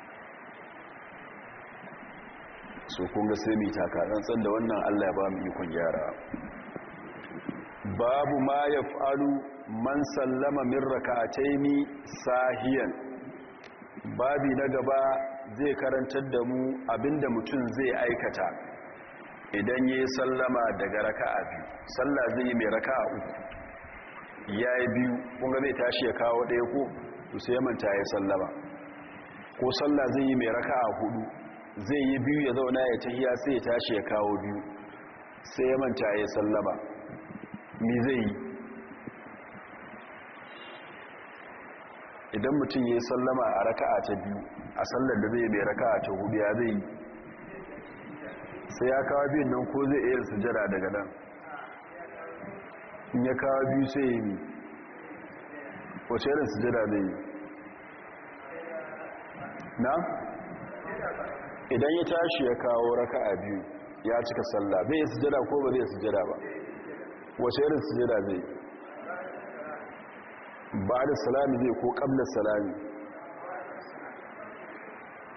so kunga sai mai takatsantsan da wannan allah ba mu ikon gyara babu ma ya faru man sallama min rakataini sahiyan babi na gaba zai karantar da mu abinda mutum zai aikata idan ya yi sallama daga raka'a biyu sallah zai yi mai raka'a uku ya yi biyu kunga zai tashi ya kawo ɗaya ko sai ya manta ya sallama ko sallah zai yi mai raka'a hudu zai yi biyu ya zauna ya tahiya sai ya tashi ya kawo biyu sai ya manta ya sallama mi zai yi idan mutum ya sallama a raka'a ta biyu a sallar da zai mai raka'a ta hudu ya zai yi sai ya kawo biyu nan ko zai iya sujada daga nan in ya kawo biyu sai yi wace irin sujada zai yi na? idan ya tashi ya kawo raka a biyu ya cika sallah bai yi sujada ko ba zai sujada ba wace irin sujada zai ba da salami zai ko kamna salami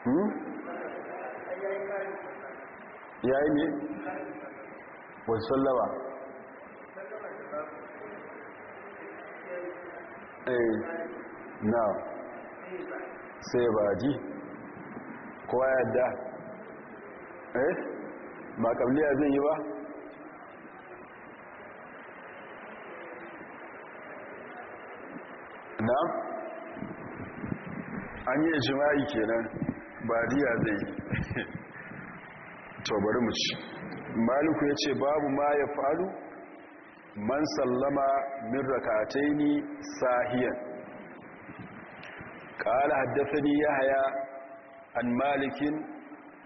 hmm? ya yi ne wasu sallaba eh na sai ba ji kowa yadda eh ba kabliya zai yi ba na an yi jima'i kenan ba diya zai yi to mu ci maliku ya ce babu ma ya faru man sallama min ni sahiyan ni ya haya. an malikin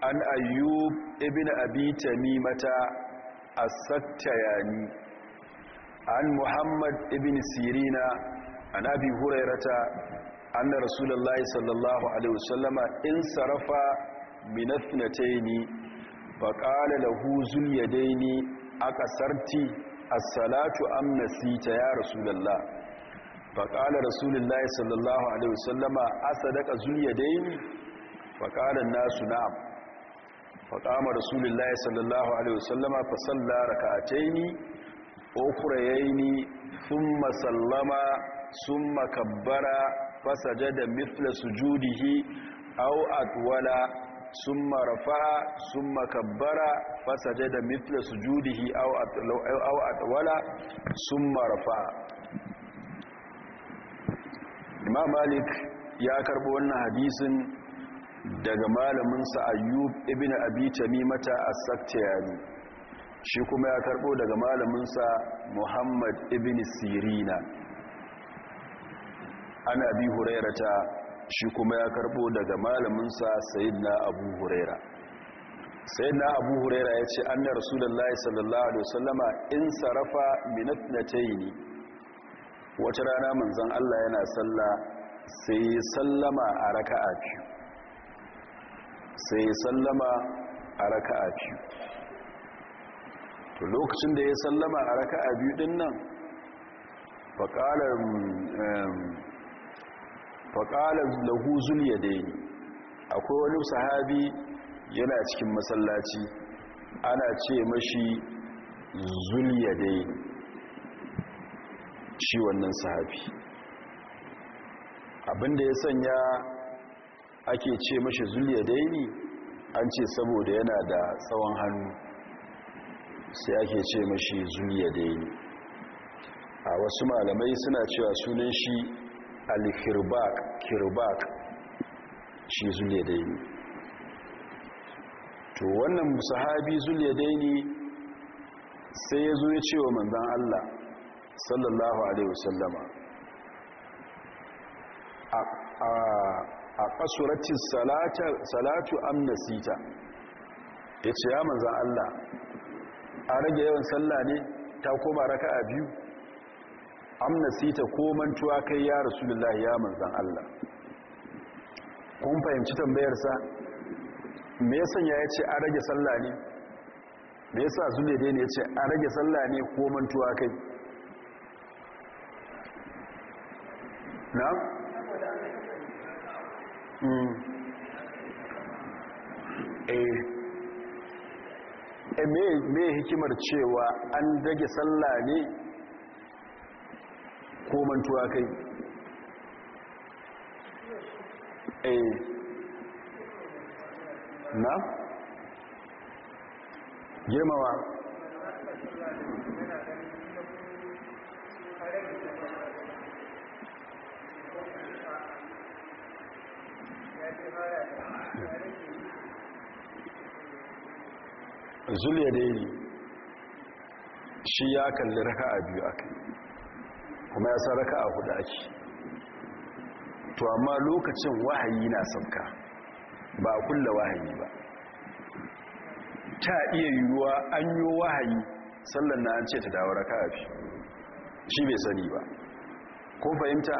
an ayyub ibn abi tamimata as-sattayani an muhammad ibn sirina an abi hurairata anna rasulullahi sallallahu alaihi wasallama in sarafa min athnataini fa qala lahu zul yadaini aqasarti as-salatu am nasita ya rasulullah fa qala rasulullahi sallallahu alaihi wasallama asadaka zul yadaini faƙanan nasu na'am faƙama rasulullahi sallallahu alaihi wasallama fasalla sun masallama, sun makabbara, fasaje da fasajada mithla sujudihi aw atwala thumma rafa'a thumma kabbara fasajada mithla sujudihi aw au atwala sun marafa. Imam Malik ya karbo wannan hadisin daga malaminsa ayyub ibn abi tamimata as-saktiyani shi kuma ya karbo daga malaminsa muhammad ibn sirina ana bi hurairata shi kuma ya karbo daga malaminsa sayyidina abu huraira sayyidina abu huraira ya ce anna rasulullahi sallallahu alaihi wasallama in sarafa minatnataini wata rana manzon Allah yana sallah sai sallama a raka'a biyu sai ya sallama a raka a biyu to lokacin da ya sallama a raka a biyu din nan faƙalar lahu zuliya daini akwai wani sahabi yana cikin masallaci ana ce mashi zuliya daini shi wannan sahabi abinda ya sanya ake ce mashi zuliya daini an ce saboda yana da tsawon hannu sai ake ce mashi zuliya daini a wasu malamai suna cewa sunan shi alkirbak kirbak shi zuliya daini to wannan sahabi zuliya daini sai ya zo ya ce wa manzan Allah sallallahu Alaihi wasallama a a kasurati salatu amnasita ya ce ya manzan Allah a rage yawan sallah ne ta koma raka a biyu amnasita ko mantuwa kai ya lullahi ya manzan Allah kun fahimci tambayarsa me yasan ya ce a rage sallah ne me yasa zule dai ne ya ce a rage sallah ne ko mantuwa kai na me hikimar cewa an dage sallah ne ko mantuwa kai eh. na girmawa Thank you. zuliya dai shi ya kalli raka a biyu aka kuma ya sa raka a hudu ake to amma lokacin wahayi na sauka ba a kulla wahayi ba ta iya yiwuwa an yi wahayi sallan na an ce ta dawo raka a biyu shi bai sani ba ko fahimta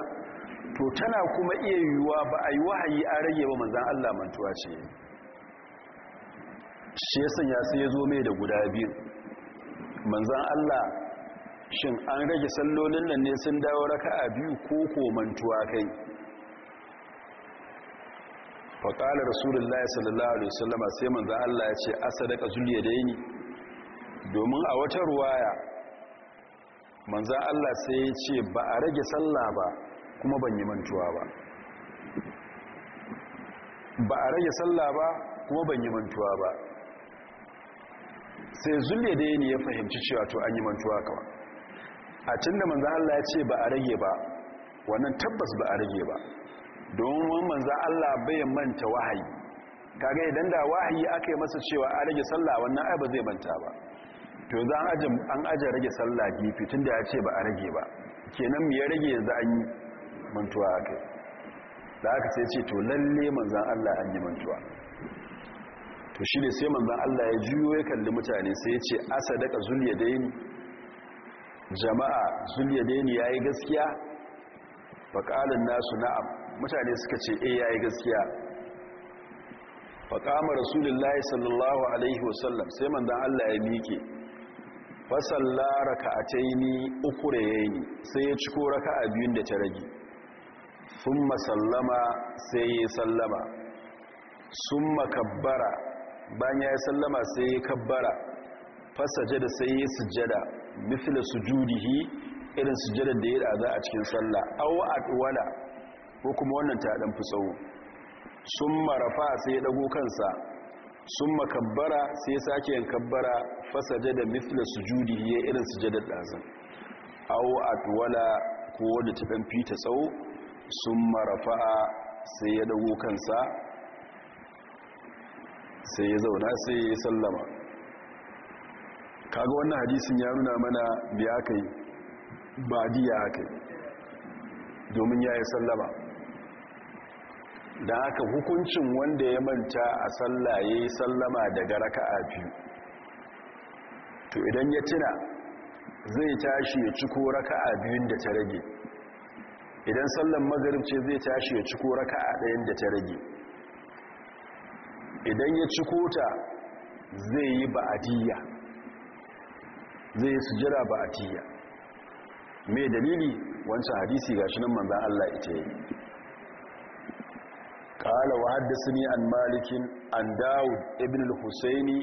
to tana kuma iya yiwuwa ba a yi wahayi a rage ba manzan allah mantuwa ce yi shi ya sanya sai ya zo mai da guda biyu manzan Allah shin an rage sallolin nan ne sun dawo raka a biyu ko komantuwa kai faƙalar rasulullahi sallallahu alaihi wasallama sai manzan Allah ya ce asadaka zuliya ya yini domin a wata ruwaya manzan Allah sai ya ce ba a rage sallah ba kuma ban yi mantuwa ba ba a rage sallah ba kuma ban yi mantuwa ba sai zulle da yini ya fahimci cewa to an yi mantuwa kawa a cin da manzan Allah ya ce ba a rage ba wannan tabbas ba a rage ba domin manzan Allah bai manta wahayi kaga idan da wahayi aka yi masa cewa a rage sallah wannan ai zai manta ba to za an aje rage sallah gifi tunda da ya ce ba a rage ba kenan ya rage yanzu an yi mantuwa akai da aka sai ce to lalle manzan Allah an yi mantuwa to shi ne sai manzan Allah ya juyo ya kalli mutane sai ya ce asa daga zuliya daini jama'a zuliya daini ya yi gaskiya faƙalin nasu na'am mutane suka ce e eh, ya yi gaskiya faƙama rasulullahi sallallahu alaihi wasallam sai manzan Allah ya miƙe fasalla ka a taini uku da ya yi sai ya ciko raka a biyun da ta rage sun masallama sai ya sallama sun makabbara bayan ya yi sallama sai ya kabbara fasaje da sai ya sujjada mithla sujudihi irin sujjadar da ya daza a cikin sallah aw atwala ko kuma wannan ta dan fi tsawo summa rafa sai ya dago kansa summa kabbara sai ya sake yin kabbara fasaje da mithla sujudihi irin sujjadar dazan aw atwala ko wanda ta dan ta tsawo summa rafa sai ya dago kansa sai ya zauna sai ya sallama kaga wannan hadisin ya nuna mana bi aka yi ba diya aka yi domin ya yi sallama da aka hukuncin wanda ya manta a sallah ya yi sallama daga raka'a biyu to idan ya tuna zai tashi ya ciko raka'a biyun da ta rage idan sallan magarib ce zai tashi ya ciko raka'a ɗayan da ta rage idan ya ci kota zai yi ba'atiyya zai yi jira ba'atiyya mai dalili wancan hadisi ga shi nan manzan Allah ita yi ƙala wa haddasa ni an malikin an dawud ibn al-husaini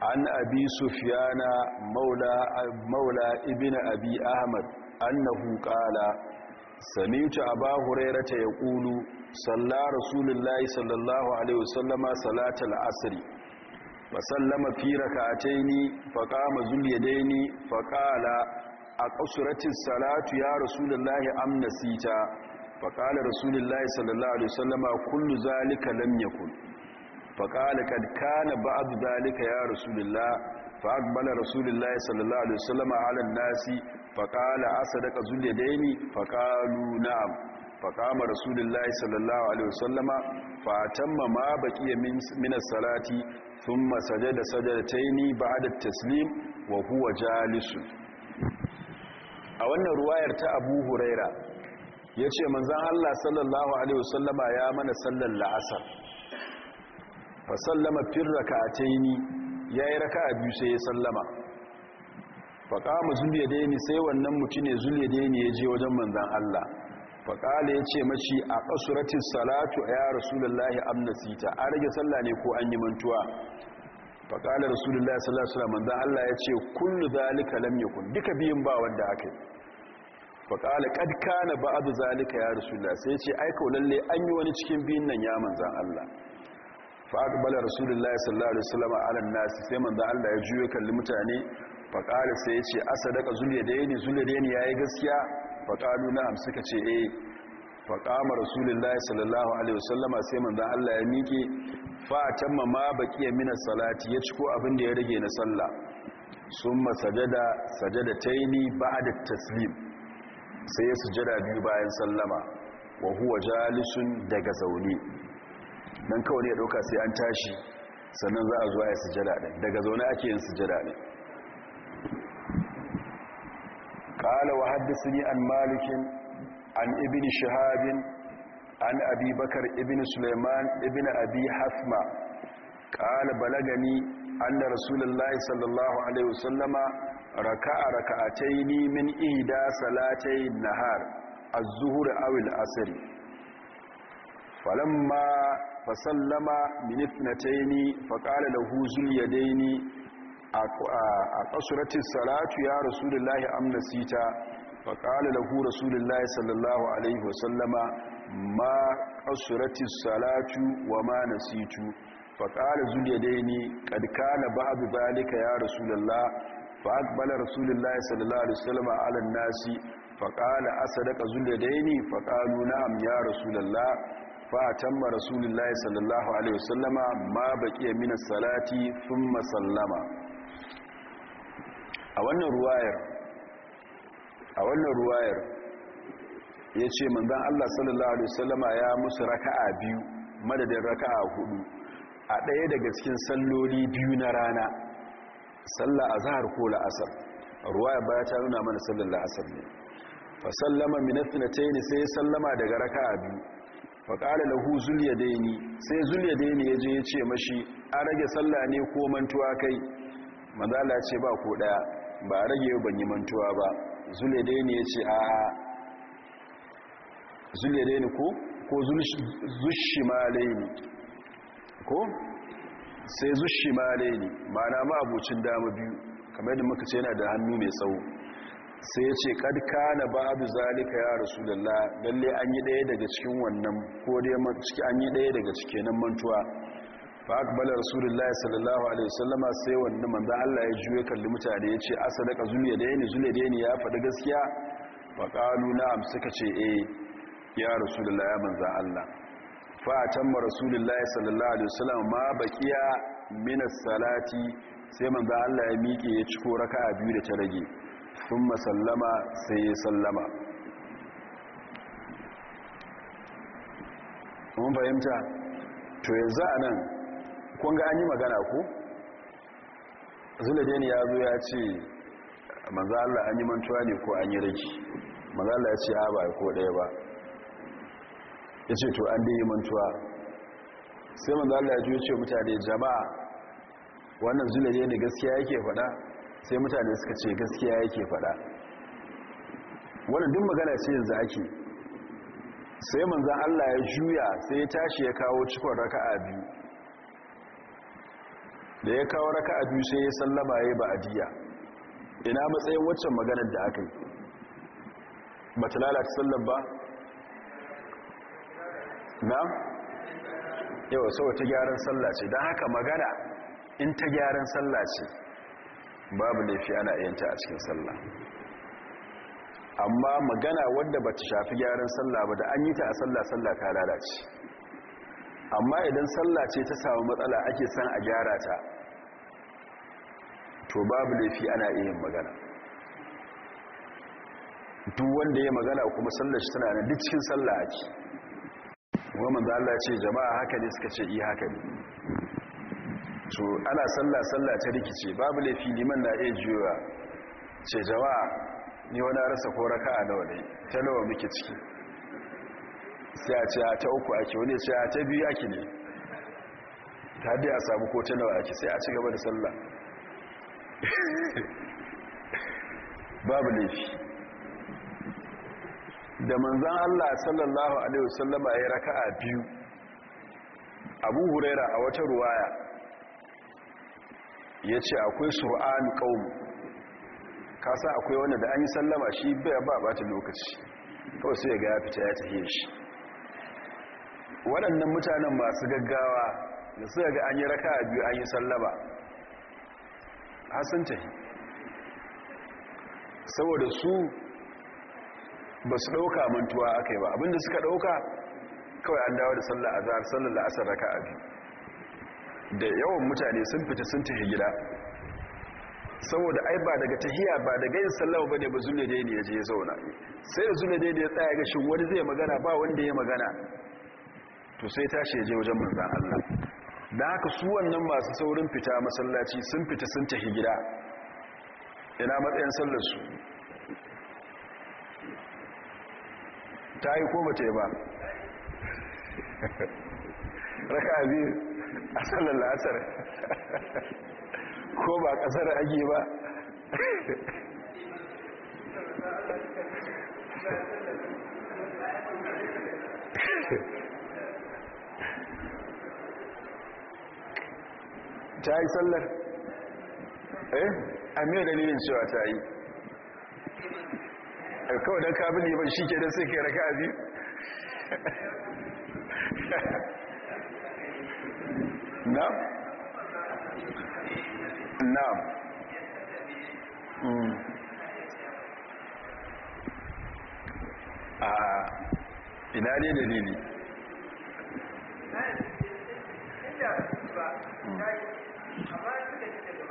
an abi Sufiyana, Maula, Ibn abi Ahmad, annahu ƙala sami'tu aba huraira ta ya ƙulu salla rasulullahi sallallahu alaihi wasallama salatul asri wasallama fi raka'ataini faqama zulyadaini faqala aqsuratis salatu ya rasulullahi am nasita faqala rasulullahi sallallahu alaihi wasallama kullu zalika lam yakun faqala kad kana ba'd zalika ya rasulullah fa aqbala rasulullahi sallallahu alaihi wasallama ala an-nasi faƙala asadaka zuliyadaini faƙalu na'am faƙama rasulullahi sallallahu alaihi wasallama fatamma ma baqiya min salati thumma sajada sajadataini ba'da taslim wa huwa jalisun a wannan ruwayar ta Abu Huraira yace manzon Allah sallallahu alaihi wasallama ya mana sallar la'asar fa sallama fir rak'ataini yayi raka'a biyu sai ya sallama faƙamu zuliyadaini sai wannan mutu ne da ya je wajen manzan Allah faƙala ya ce mashi a ƙasuratin salatu a ya rasulullahi amnasita a rage sallah ne ko an yi mantuwa faƙala rasulullahi sallallahu manzan Allah ya ce kullu zalika lamye kun duka biyun ba wanda aka yi faƙala na ba abu zalika ya rasulullahi sai ce aika lalle an yi wani cikin biyun nan ya manzan Allah fa aqbala rasulullahi sallallahu alaihi wasallam ala an sai manzo Allah ya juyo kalli mutane faƙali sai ya ce asadaka zuliya da ne zuliya da ne ya yi gaskiya faƙalu na amsa ka ce eh faƙama rasulullahi sallallahu alaihi wasallama sai manzan allah ya miƙe fa'atan ma ma ya mina salati ya ci ko abin da ya rage na sallah sun ma sajada sajada ta yi ni ba da taslim sai ya sujada biyu bayan sallama wa huwa jalisun daga zaune nan kawai ne ya ɗauka sai an tashi sannan za a zuwa ya sujada ɗin daga zaune ake yin sujada ɗin قال وحدثني عن مالك عن ابن شهاب عن أبي بكر ابن سليمان ابن أبي حثمة قال بلغني أن رسول الله صلى الله عليه وسلم ركع ركعتين من إهدى صلاتي النهار الظهر أو العصر فلما فسلم من اثنتين فقال له ذو اليدين a ƙasuratin salatu ya rasulullahi amnasita fa rasu da rasulullahi sallallahu alaihi wasallama ma ƙasuratin salatu wa ma nasitu fa ƙala zuliyadaini kad ba ba'du zalika ya rasulullah fa aqbala rasulullahi sallallahu alaihi wasallama ala nasi fa lahi asadaka alaihi fa qalu na'am ya rasulullah فأتم رسول الله صلى الله عليه Ma ما بقي من salati, ثم سلم a wannan ruwayar a wannan ruwayar ya ce manzan Allah sallallahu Alaihi wasallama ya musu raka'a biyu madadin raka'a hudu a ɗaya daga cikin salloli biyu na rana sallah a zahar ko la'asar Ruwayar baya ta nuna mana sallar la'asar ne fa sallama minatnatayn sai sallama daga raka'a biyu fa qala lahu ni, sai ya je ya ce mashi a rage sallah ne ko mantuwa kai manzo ce ba ko ɗaya. ba rage ban yi mantuwa ba zule dai ne ya ce a zule dai ne ko ko zushi malai ne ko sai zushi malai ne mana ma abocin dama biyu kamar yadda muka ce yana da hannu mai tsawo sai ya ce ka na babu zalika ya rasu da lalle an yi ɗaya daga cikin wannan ko dai an yi ɗaya daga cikin mantuwa fa akbala rasulullahi sallallahu alaihi wasallama sai wanda manzo Allah ya juye kalli mutane ya ce asadaka zuliya da yani zuliya da yani ya faɗi gaskiya fa qalu na'am suka ce eh ya rasulullahi ya manzo Allah fa tamma rasulullahi sallallahu alaihi wasallam ma baqiya min as-salati sai manzo Allah ya miƙe ya ciko raka'a biyu da ta rage thumma sallama sai ya sallama mun fahimta to yanzu anan kun ga an yi magana ku ne ya zo ya ce manzo Allah an yi mantuwa ne ko an yi raki manzo Allah ya ce a ba ko ɗaya ba ya ce to an dai yi mantuwa sai manzo Allah ya ji ce mutane jama'a wannan zulajin ne gaskiya yake faɗa sai mutane suka ce gaskiya yake faɗa wannan duk magana ce yanzu ake sai manzan Allah ya juya sai ya tashi ya kawo cikon raka'a biyu da ya kawo raka a biyu sai ya sallama ya ba adiya ina matsayin waccan maganar da aka yi ba ta lalata sallar ba na yawa sau ta gyaran sallar ce don haka magana in ta gyaran sallar ce babu laifi ana yanta a cikin sallah amma magana wadda ba ta shafi gyaran sallar ba da an yi ta a sallar sallar ta lalace amma idan sallah ce ta samu matsala ake san a gyara ta to babu laifi ana iya yin magana duk wanda ya magana kuma sallar shi tana nan duk cikin sallah ake kuma manzo Allah ya ce jama'a haka ne suka ce yi eh, haka ne to ana sallah sallah ta rikice babu laifi liman na iya jiyowa ce jama'a ni wani rasa ko a nawa ne ta nawa muke ciki sai a ce a ta uku ake wani ce a ta biyu ake ne ta dai a samu ko ta nawa ake sai a ci gaba da sallah babu laifi da manzan Allah sallallahu alaihi wasallama ya a biyu abu huraira a wata ruwaya ya ce akwai sur'an ƙaunu kasa akwai wanda da an yi sallama shi bai ba ba ta lokaci kawai sai ga ya fita ya tafiye shi waɗannan mutanen masu gaggawa da suka ga an yi raka a biyu an yi sallama hasan yi saboda su ba su ɗauka mantuwa aka yi ba abinda suka ɗauka kawai an dawo da sallar azhar sallar la'asar raka abi da yawan mutane sun fita sun tafi gida saboda ai ba daga tahiya ba daga yin ba ne ba zule dai ne ya je ya zauna sai da zule dai ne ya tsaya ga shin wani zai magana ba wanda ya magana to sai tashi ya je wajen manzan Allah da haka su wannan masu saurin fita masallaci sun fita sun tafi gida ina matsayin sallarsu ta yi ko mace ba raka biyu a sallar lasar ko ba kasar ake ba Thank you. ta yi sallar eh a mai dalilin cewa ta yi eh, kawai don kabin ban shi ke da sai ke raka abi na? na a hmm. ah, ina ne dalili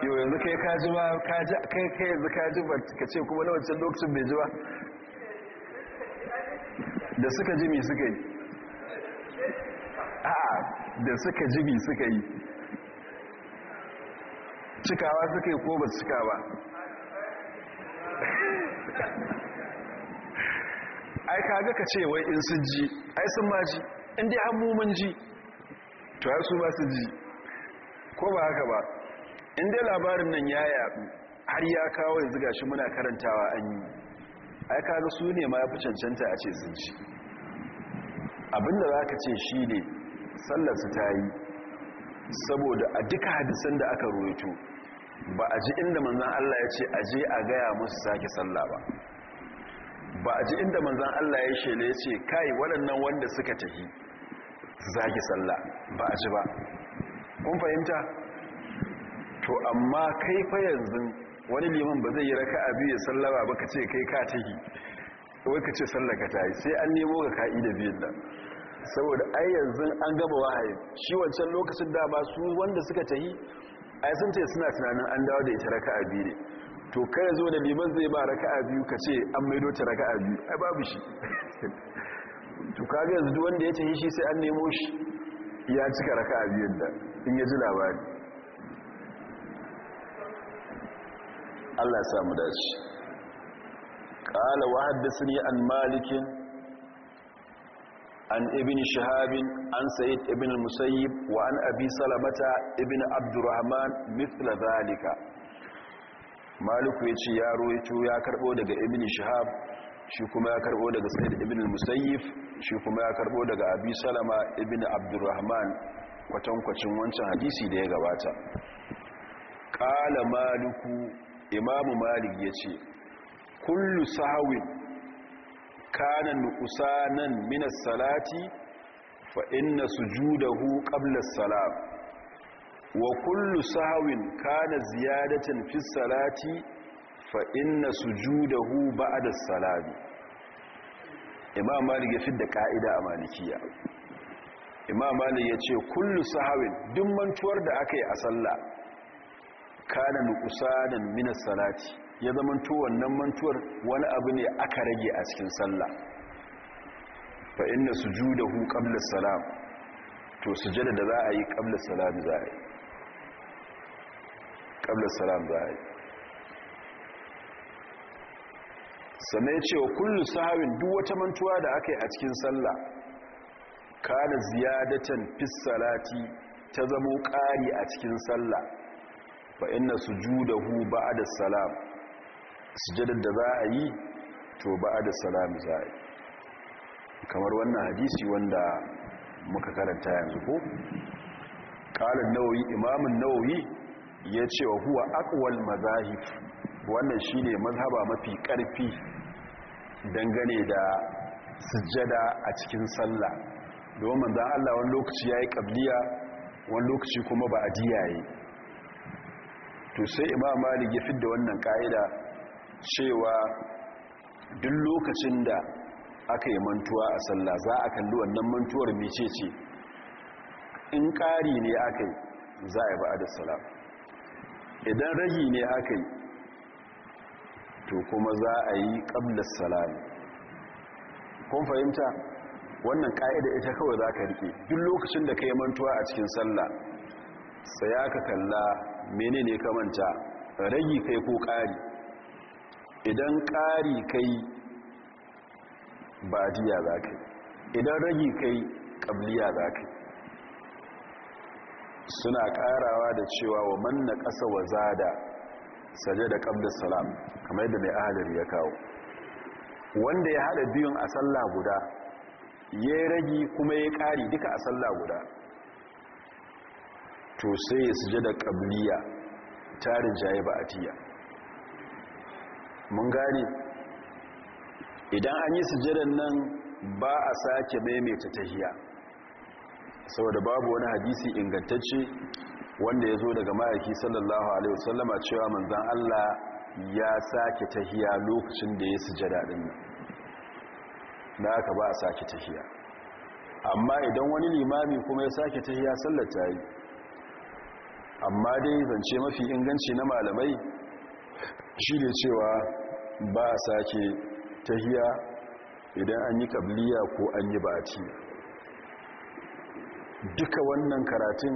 yau yanzu kai ka ji ba kai kai yanzu ka ji ba ka ce kuma na wancan lokacin bai ji ba da suka ji mi suka yi a da suka ji mi suka yi cikawa suka yi ko ba cika ba ai kaga ka ce wai in sun ji ai sun ma ji in dai an mumun ji to ya su ba su ji ko ba haka ba Inda labarin nan ya yaɓi, har ya kawo yanzu shi muna karantawa an yi ai kaga su ne ma ya fi cancanta a ce sun abinda za ka ce shi ne sallarsu ta yi saboda a duka hadisan da aka ruwaito ba a ji inda manzan Allah ya ce a je a gaya musu sake sallah ba ba a ji inda manzan Allah ya shele ce kai waɗannan wanda suka tafi zaki sallah ba a ji ba kun fahimta to amma kai fa yanzu wani liman ba zai yi raka biyu ya ba ka ce kai ka tahi wai ka ce sallaka ta yi sai an nemo ga ka'i da biyun nan saboda ai yanzu an gaba wahayi shi wancan lokacin da ba su wanda suka tahi ai sun ce suna tunanin an dawo da ita raka biyu to kai zo da liman zai ba raka biyu ka ce an maido ta raka biyu ai babu shi to kaga yanzu wanda ya tahi shi sai an nemo shi ya cika raka biyun da in ya ji labari Allah ya samu dace qala wa haddathani an malik an ibn shahab an sa'id ibn musayyib wa an abi salamata ibn abdurrahman mithla zalika maliku yace ya royo ya karbo daga ibn shahab shi kuma ya karbo daga sa'id ibn musayyib shi kuma ya karbo daga abi salama ibn abdurrahman kwatankwacin wancan hadisi da ya gabata qala maliku imamu malik ya ce kullu sahawin kana nuqsanan nan as-salati fa inna sujudahu hu salam wa kullu sahawin kana ziyadatan fi salati fa inna sujudahu hu as-salami imam malik ya fidda ka'ida a malikiya imam malik ya ce kullu sahawin duk mantuwar da aka yi a sallah kana nuqsanan min as-salati ya to wannan mantuwar wani abu ne aka rage a cikin sallah fa inna sujudahu qabla as-salam to sujada da za a yi qabla salam za a yi qabla as-salam za a yi sannan ya wa kullu sahawin duk wata mantuwa da aka yi a cikin sallah kana ziyadatan fis salati ta zamo ƙari a cikin sallah fa inna sujudahu ba'da salam sujadar da za a yi to ba'da salam za a yi kamar wannan hadisi wanda muka karanta yanzu ko qala an imamin imam ya ce yace wa huwa aqwal mazahib wannan shine mazhaba mafi ƙarfi dangane da sujjada a cikin sallah domin manzon Allah wani lokaci ya yi qabliya wani lokaci kuma ba adiya yayi to sai imam malik ya fidda wannan ka'ida cewa duk lokacin da aka yi mantuwa a sallah za a kalli wannan mantuwar mecece in ƙari ne aka yi za a yi ba salam idan ragi ne aka yi to kuma za a yi ƙablar salam kun fahimta wannan ƙa'ida ita kawai za ka rike duk lokacin da ka yi mantuwa a cikin sallah saya ka kalla menene ka manta ragi kai ko ƙari idan ƙari kai diya za ka idan ragi kai ƙabliya za ka suna ƙarawa da cewa wa manna ƙasa wa zada saje da ƙabda salam kamar da mai adar ya kawo wanda ya haɗa biyun a sallah guda ya yi ragi kuma ya ƙari duka a sallah guda to sai ya suje da ƙabliya tarin jaye ba atiya mun gane idan an yi sujadan nan ba a sake maimaita tahiya saboda babu wani hadisi ingantacce wanda ya zo daga ma'aiki sallallahu alaihi wasallama cewa manzan Allah ya sake tahiya lokacin da ya sujada din nan da aka ba a sake tahiya amma idan wani limami kuma ya sake tahiya sallar ta amma dai zance mafi inganci na malamai shi ne cewa ba a sake tahiya idan an yi kabliya ko an yi ba'ati duka wannan karatun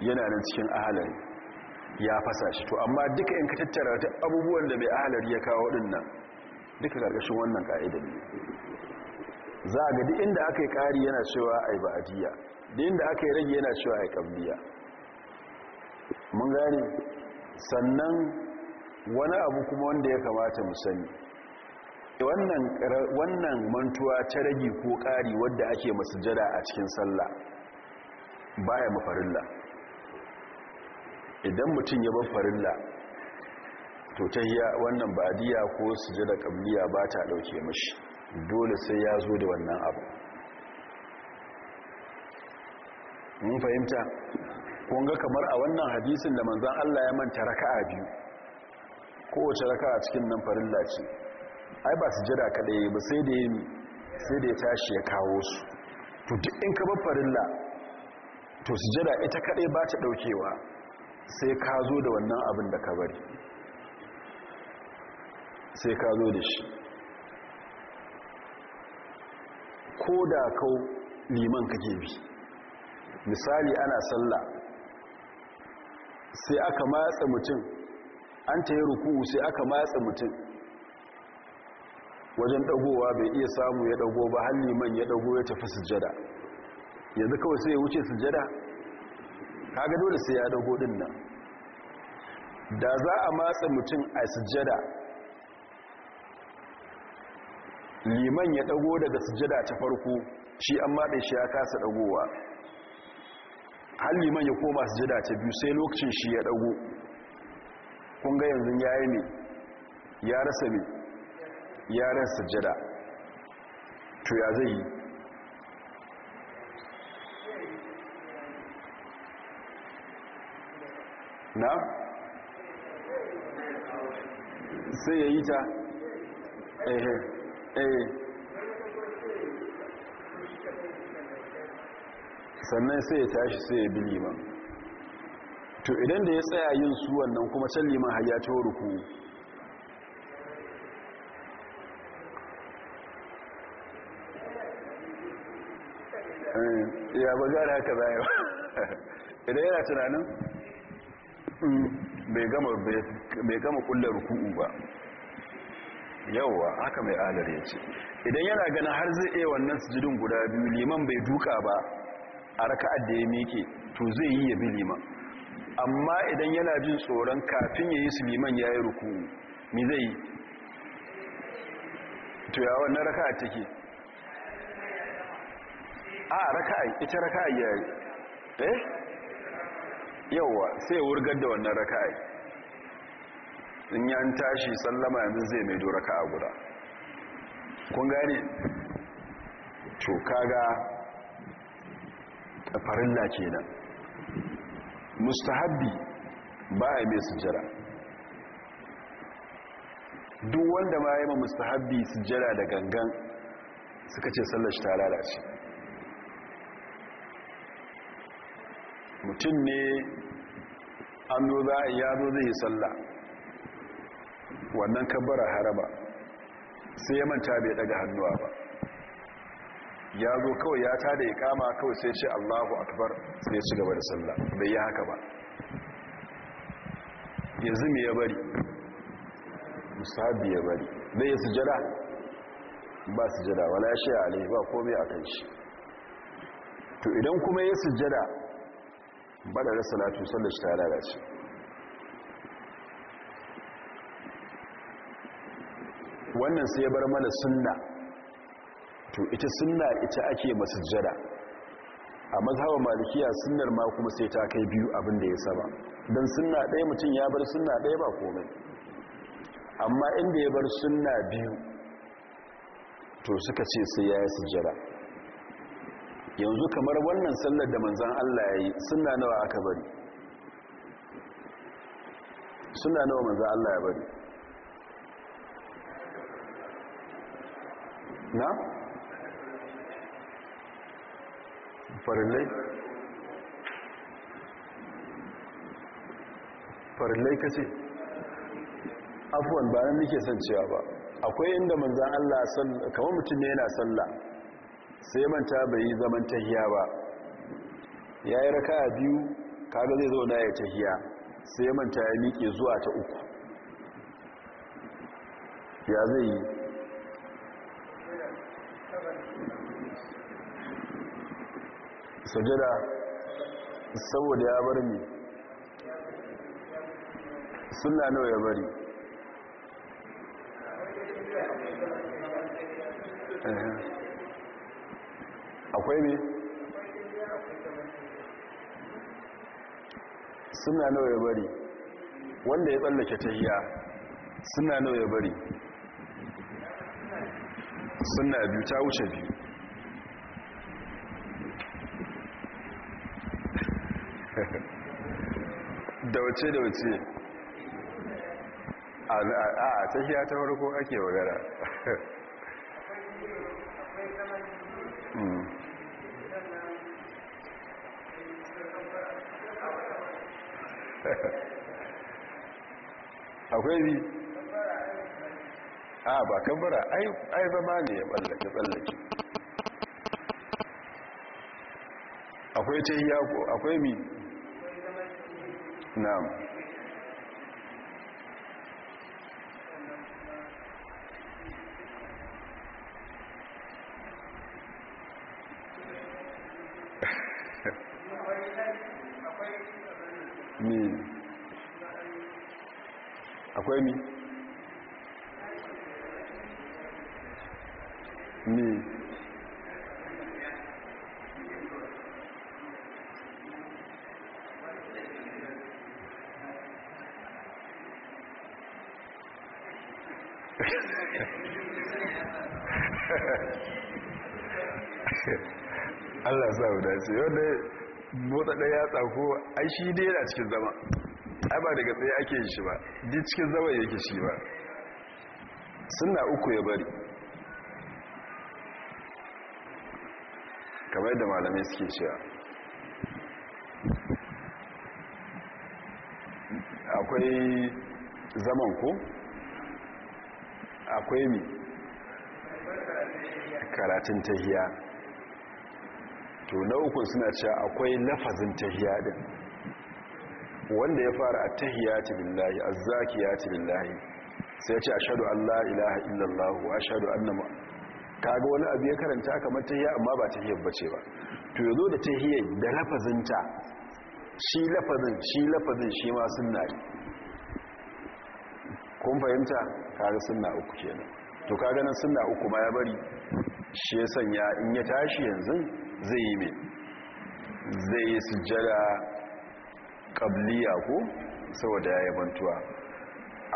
yana nan cikin ahalari ya fasa shi to amma duka in ka tattara ta abubuwan da mai ahalar ya kawo dinnan duka karkashin wannan ka'idar ne za a ga duk inda aka yi ƙari yana cewa a yi ba'adiyya da inda aka yi rage yana cewa a yi ƙabliya mun gane sannan wani abu kuma wanda ya kamata mu sani wannan mantuwa ta rage ko ƙari wadda ake masujada a cikin sallah baya mafarilla idan mutum ya bar farilla to ta yi wannan badiya ko sujada ƙabliya ba ta dauke mashi dole sai ya zo da wannan abu mun fahimta Kunga kamar a wannan hadisin da manzan Allah ya manta raka'a biyu kowace raka'a cikin nan farilla ce ai ba su jira kaɗai ba sai da ya sai da ya tashi ya kawo su to duk in ka bar farilla to su jira ita kaɗai ba ta ɗaukewa sai ka zo da wannan abin da ka bari sai ka zo da shi ko da kau liman kake bi misali ana sallah sai aka matsa mutum an ta yi ruku sai aka matsa mutum wajen dagowa bai iya samu ya dago ba har liman ya dago ya tafi sujjada yanzu kawai sai ya wuce sujjada kaga dole sai ya dago din nan da za a matsa mutum a sujjada liman ya dago daga sujjada ta farko shi an matsa shi ya kasa dagowa halli ya koma su jida ta biyu sai lokacin shi ya dago kunga yanzu ya yi ne ya rasa ne yaren sujjada to ya zai yi na sai ya yi ta ehe ehe sannan sai ya tashi sai ya bi liman to idan da ya tsaya yin su wannan kuma can liman har ya ciwo ruku eh, ya ba da haka zai ba idan yana tunanin hmm, bai gama kullar ruku ba yauwa haka mai alar ya ce idan yana gana har zai iya wannan sujudin guda biyu liman bai duka ba a raka'ar da ya miƙe to zai yi ya bi liman amma idan yana jin tsoron kafin ya yi su liman ya yi ruku mi zai yi to ya wannan raka'ar take a raka'ar ita raka'ar ya yi eh yauwa sai wurgar da wannan raka'ar in yan tashi sallama yanzu zai mai do raka'a guda kun gane to kaga farilla kenan mustahabbi ba a yi mai sujjara duk wanda ma yi ma mustahabbi sujjara da gangan suka ce sallar shi ta lalace mutum ne an zo za a zo zai yi sallah wannan kabbara haraba sai ya manta bai daga hannuwa ba ya zo kawai ya tada ya kama kawai sai ce allahu akbar sai ci gaba da sallah bai yi haka ba yanzu zumi ya bari musabi ya bari bai yi sujada ba sujada wala shi alai ba komai a kan shi to idan kuma ya sujada ba da rasa latu sallar shi ta lalace wannan sai ya bar mana sunna to ita sunna ita ake masujjada a mazhabar malikiya sunnar ma kuma sai ta kai biyu abin da ya saba don sunna ɗaya mutum ya bar sunna ɗaya ba komai amma inda ya bar sunna biyu to suka ce sai ya yi sujjada yanzu kamar wannan sallar da manzan Allah ya yi sunna nawa aka bari sunna nawa manzan Allah ya bari na? farillai farillai ka ce afuwan bayan muke son cewa ba akwai inda manzan Allah kamar mutum ne yana sallah sai manta bai yi zaman tahiya ba ya yi raka a biyu kaga zai zo na ya tahiya sai manta ya miƙe zuwa ta uku ya zai yi sajada saboda ya bar ne suna nawa ya bari akwai ne suna nawa ya bari wanda ya tsallake ta hiyar suna nawa ya bari suna biyu ta wuce biyu da wace da wace a tahiya ta farko ake magana hmm. akwai bi a ba kabbara ai zama ne ya tsallake tsallake akwai tahiya ko akwai mi na'am mi akwai mi mi ce yau motsa ɗaya ya tsako ai shi dai yana cikin zama ai ba daga tsaye ake shi ba duk cikin zama yake shi ba suna uku ya bari kamar da malamai suke cewa akwai zaman ko akwai mi karatun tahiya to na uku suna cewa akwai lafazin tahiya wanda ya fara a tahiyati billahi azzakiyati billahi sai ce ashhadu an la ilaha illallah wa ashhadu anna kaga wani abu ya karanta kamar tahiya amma ba tahiyar bace ba to yazo da tahiyar da ta shi lafazin shi lafazin shi ma sunna ne kun fahimta kaga sunna uku kenan to kaga nan sunna uku ma ya bari shi ya sanya in ya tashi yanzu zai yi mai zai yi sujjada ƙabliya ko saboda ya yabantuwa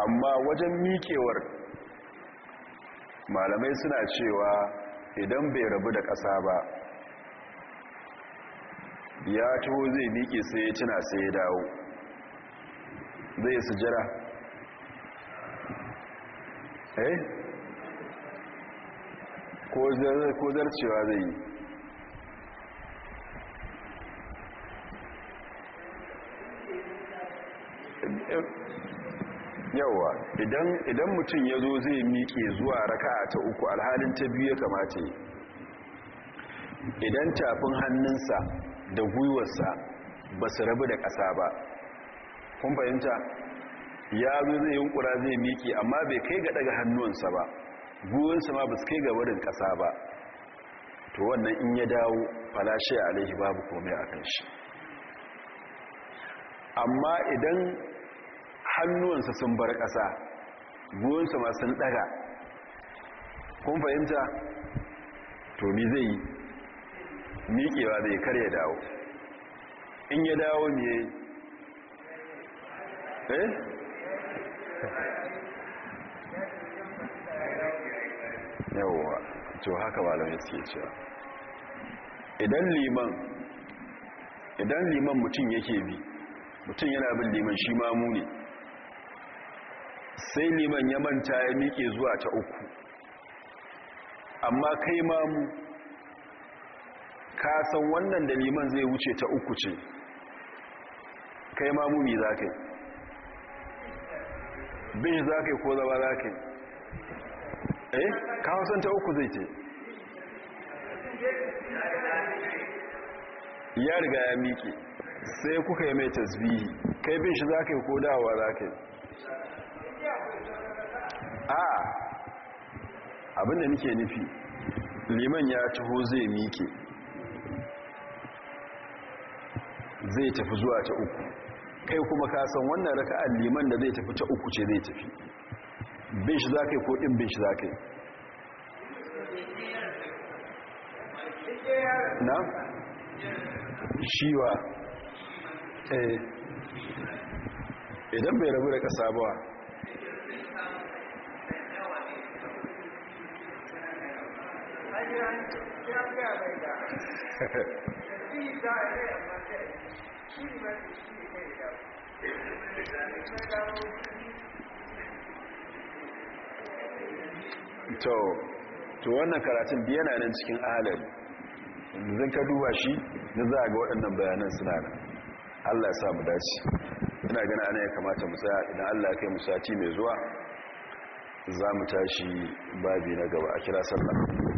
amma wajen miƙewar malamai suna cewa idan bai rabu da ƙasa ba ya taho zai miƙe sai ya tuna sai ya dawo zai yi sujjada eh ko zarcewa zai yi yawa idan mutum ya zo zai miƙe zuwa raka ta uku alhalin ta biyu ya kamata idan tafin hannunsa da gwiwarsa ba su rabu da ƙasa ba kun fahimta ya zo zai yunkura zai miƙe amma bai kai ga daga hannunsa ba buwunsa ma ba su kai gabarin ƙasa ba to wannan in ya dawo falashe alaihi babu komai a kan shi amma idan hannuwansa sun bar ƙasa buwunsa ma sun ɗaga kun fahimta to ni zai yi miƙewa zai kar ya dawo in ya dawo ne eh yawwa to haka malamai suke cewa idan liman idan liman mutum yake bi mutum yana bin liman shi mamu ne sai liman ya manta ya miƙe zuwa ta uku amma kai mamu ka san wannan da liman zai wuce ta uku ce kai mamu ne za ka yi bin za ka yi ko zama za ka yi eh kawo san ta uku zai ce ya riga ya miƙe sai kuka yi mai tasbihi kai bin shi za ka yi kodawa za ka yi a abinda nike nufi liman ya taho zai miƙe zai tafi zuwa ta uku kai kuma kasan wannan raka'ar liman da zai tafi ta uku ce zai tafi bin shi za ka yi ko ɗin bin shi za ka yi na? shiwa eh. idan bai rabu da ƙasa ba shi to to wannan karatun biyana nan cikin alal zan ka duba shi na za a ga waɗannan bayanan suna nan allah ya sa mu dace ina gana ana ya kamata mu tsaya idan allah ya kai mu sati mai zuwa za mu tashi babi na gaba a kira sallah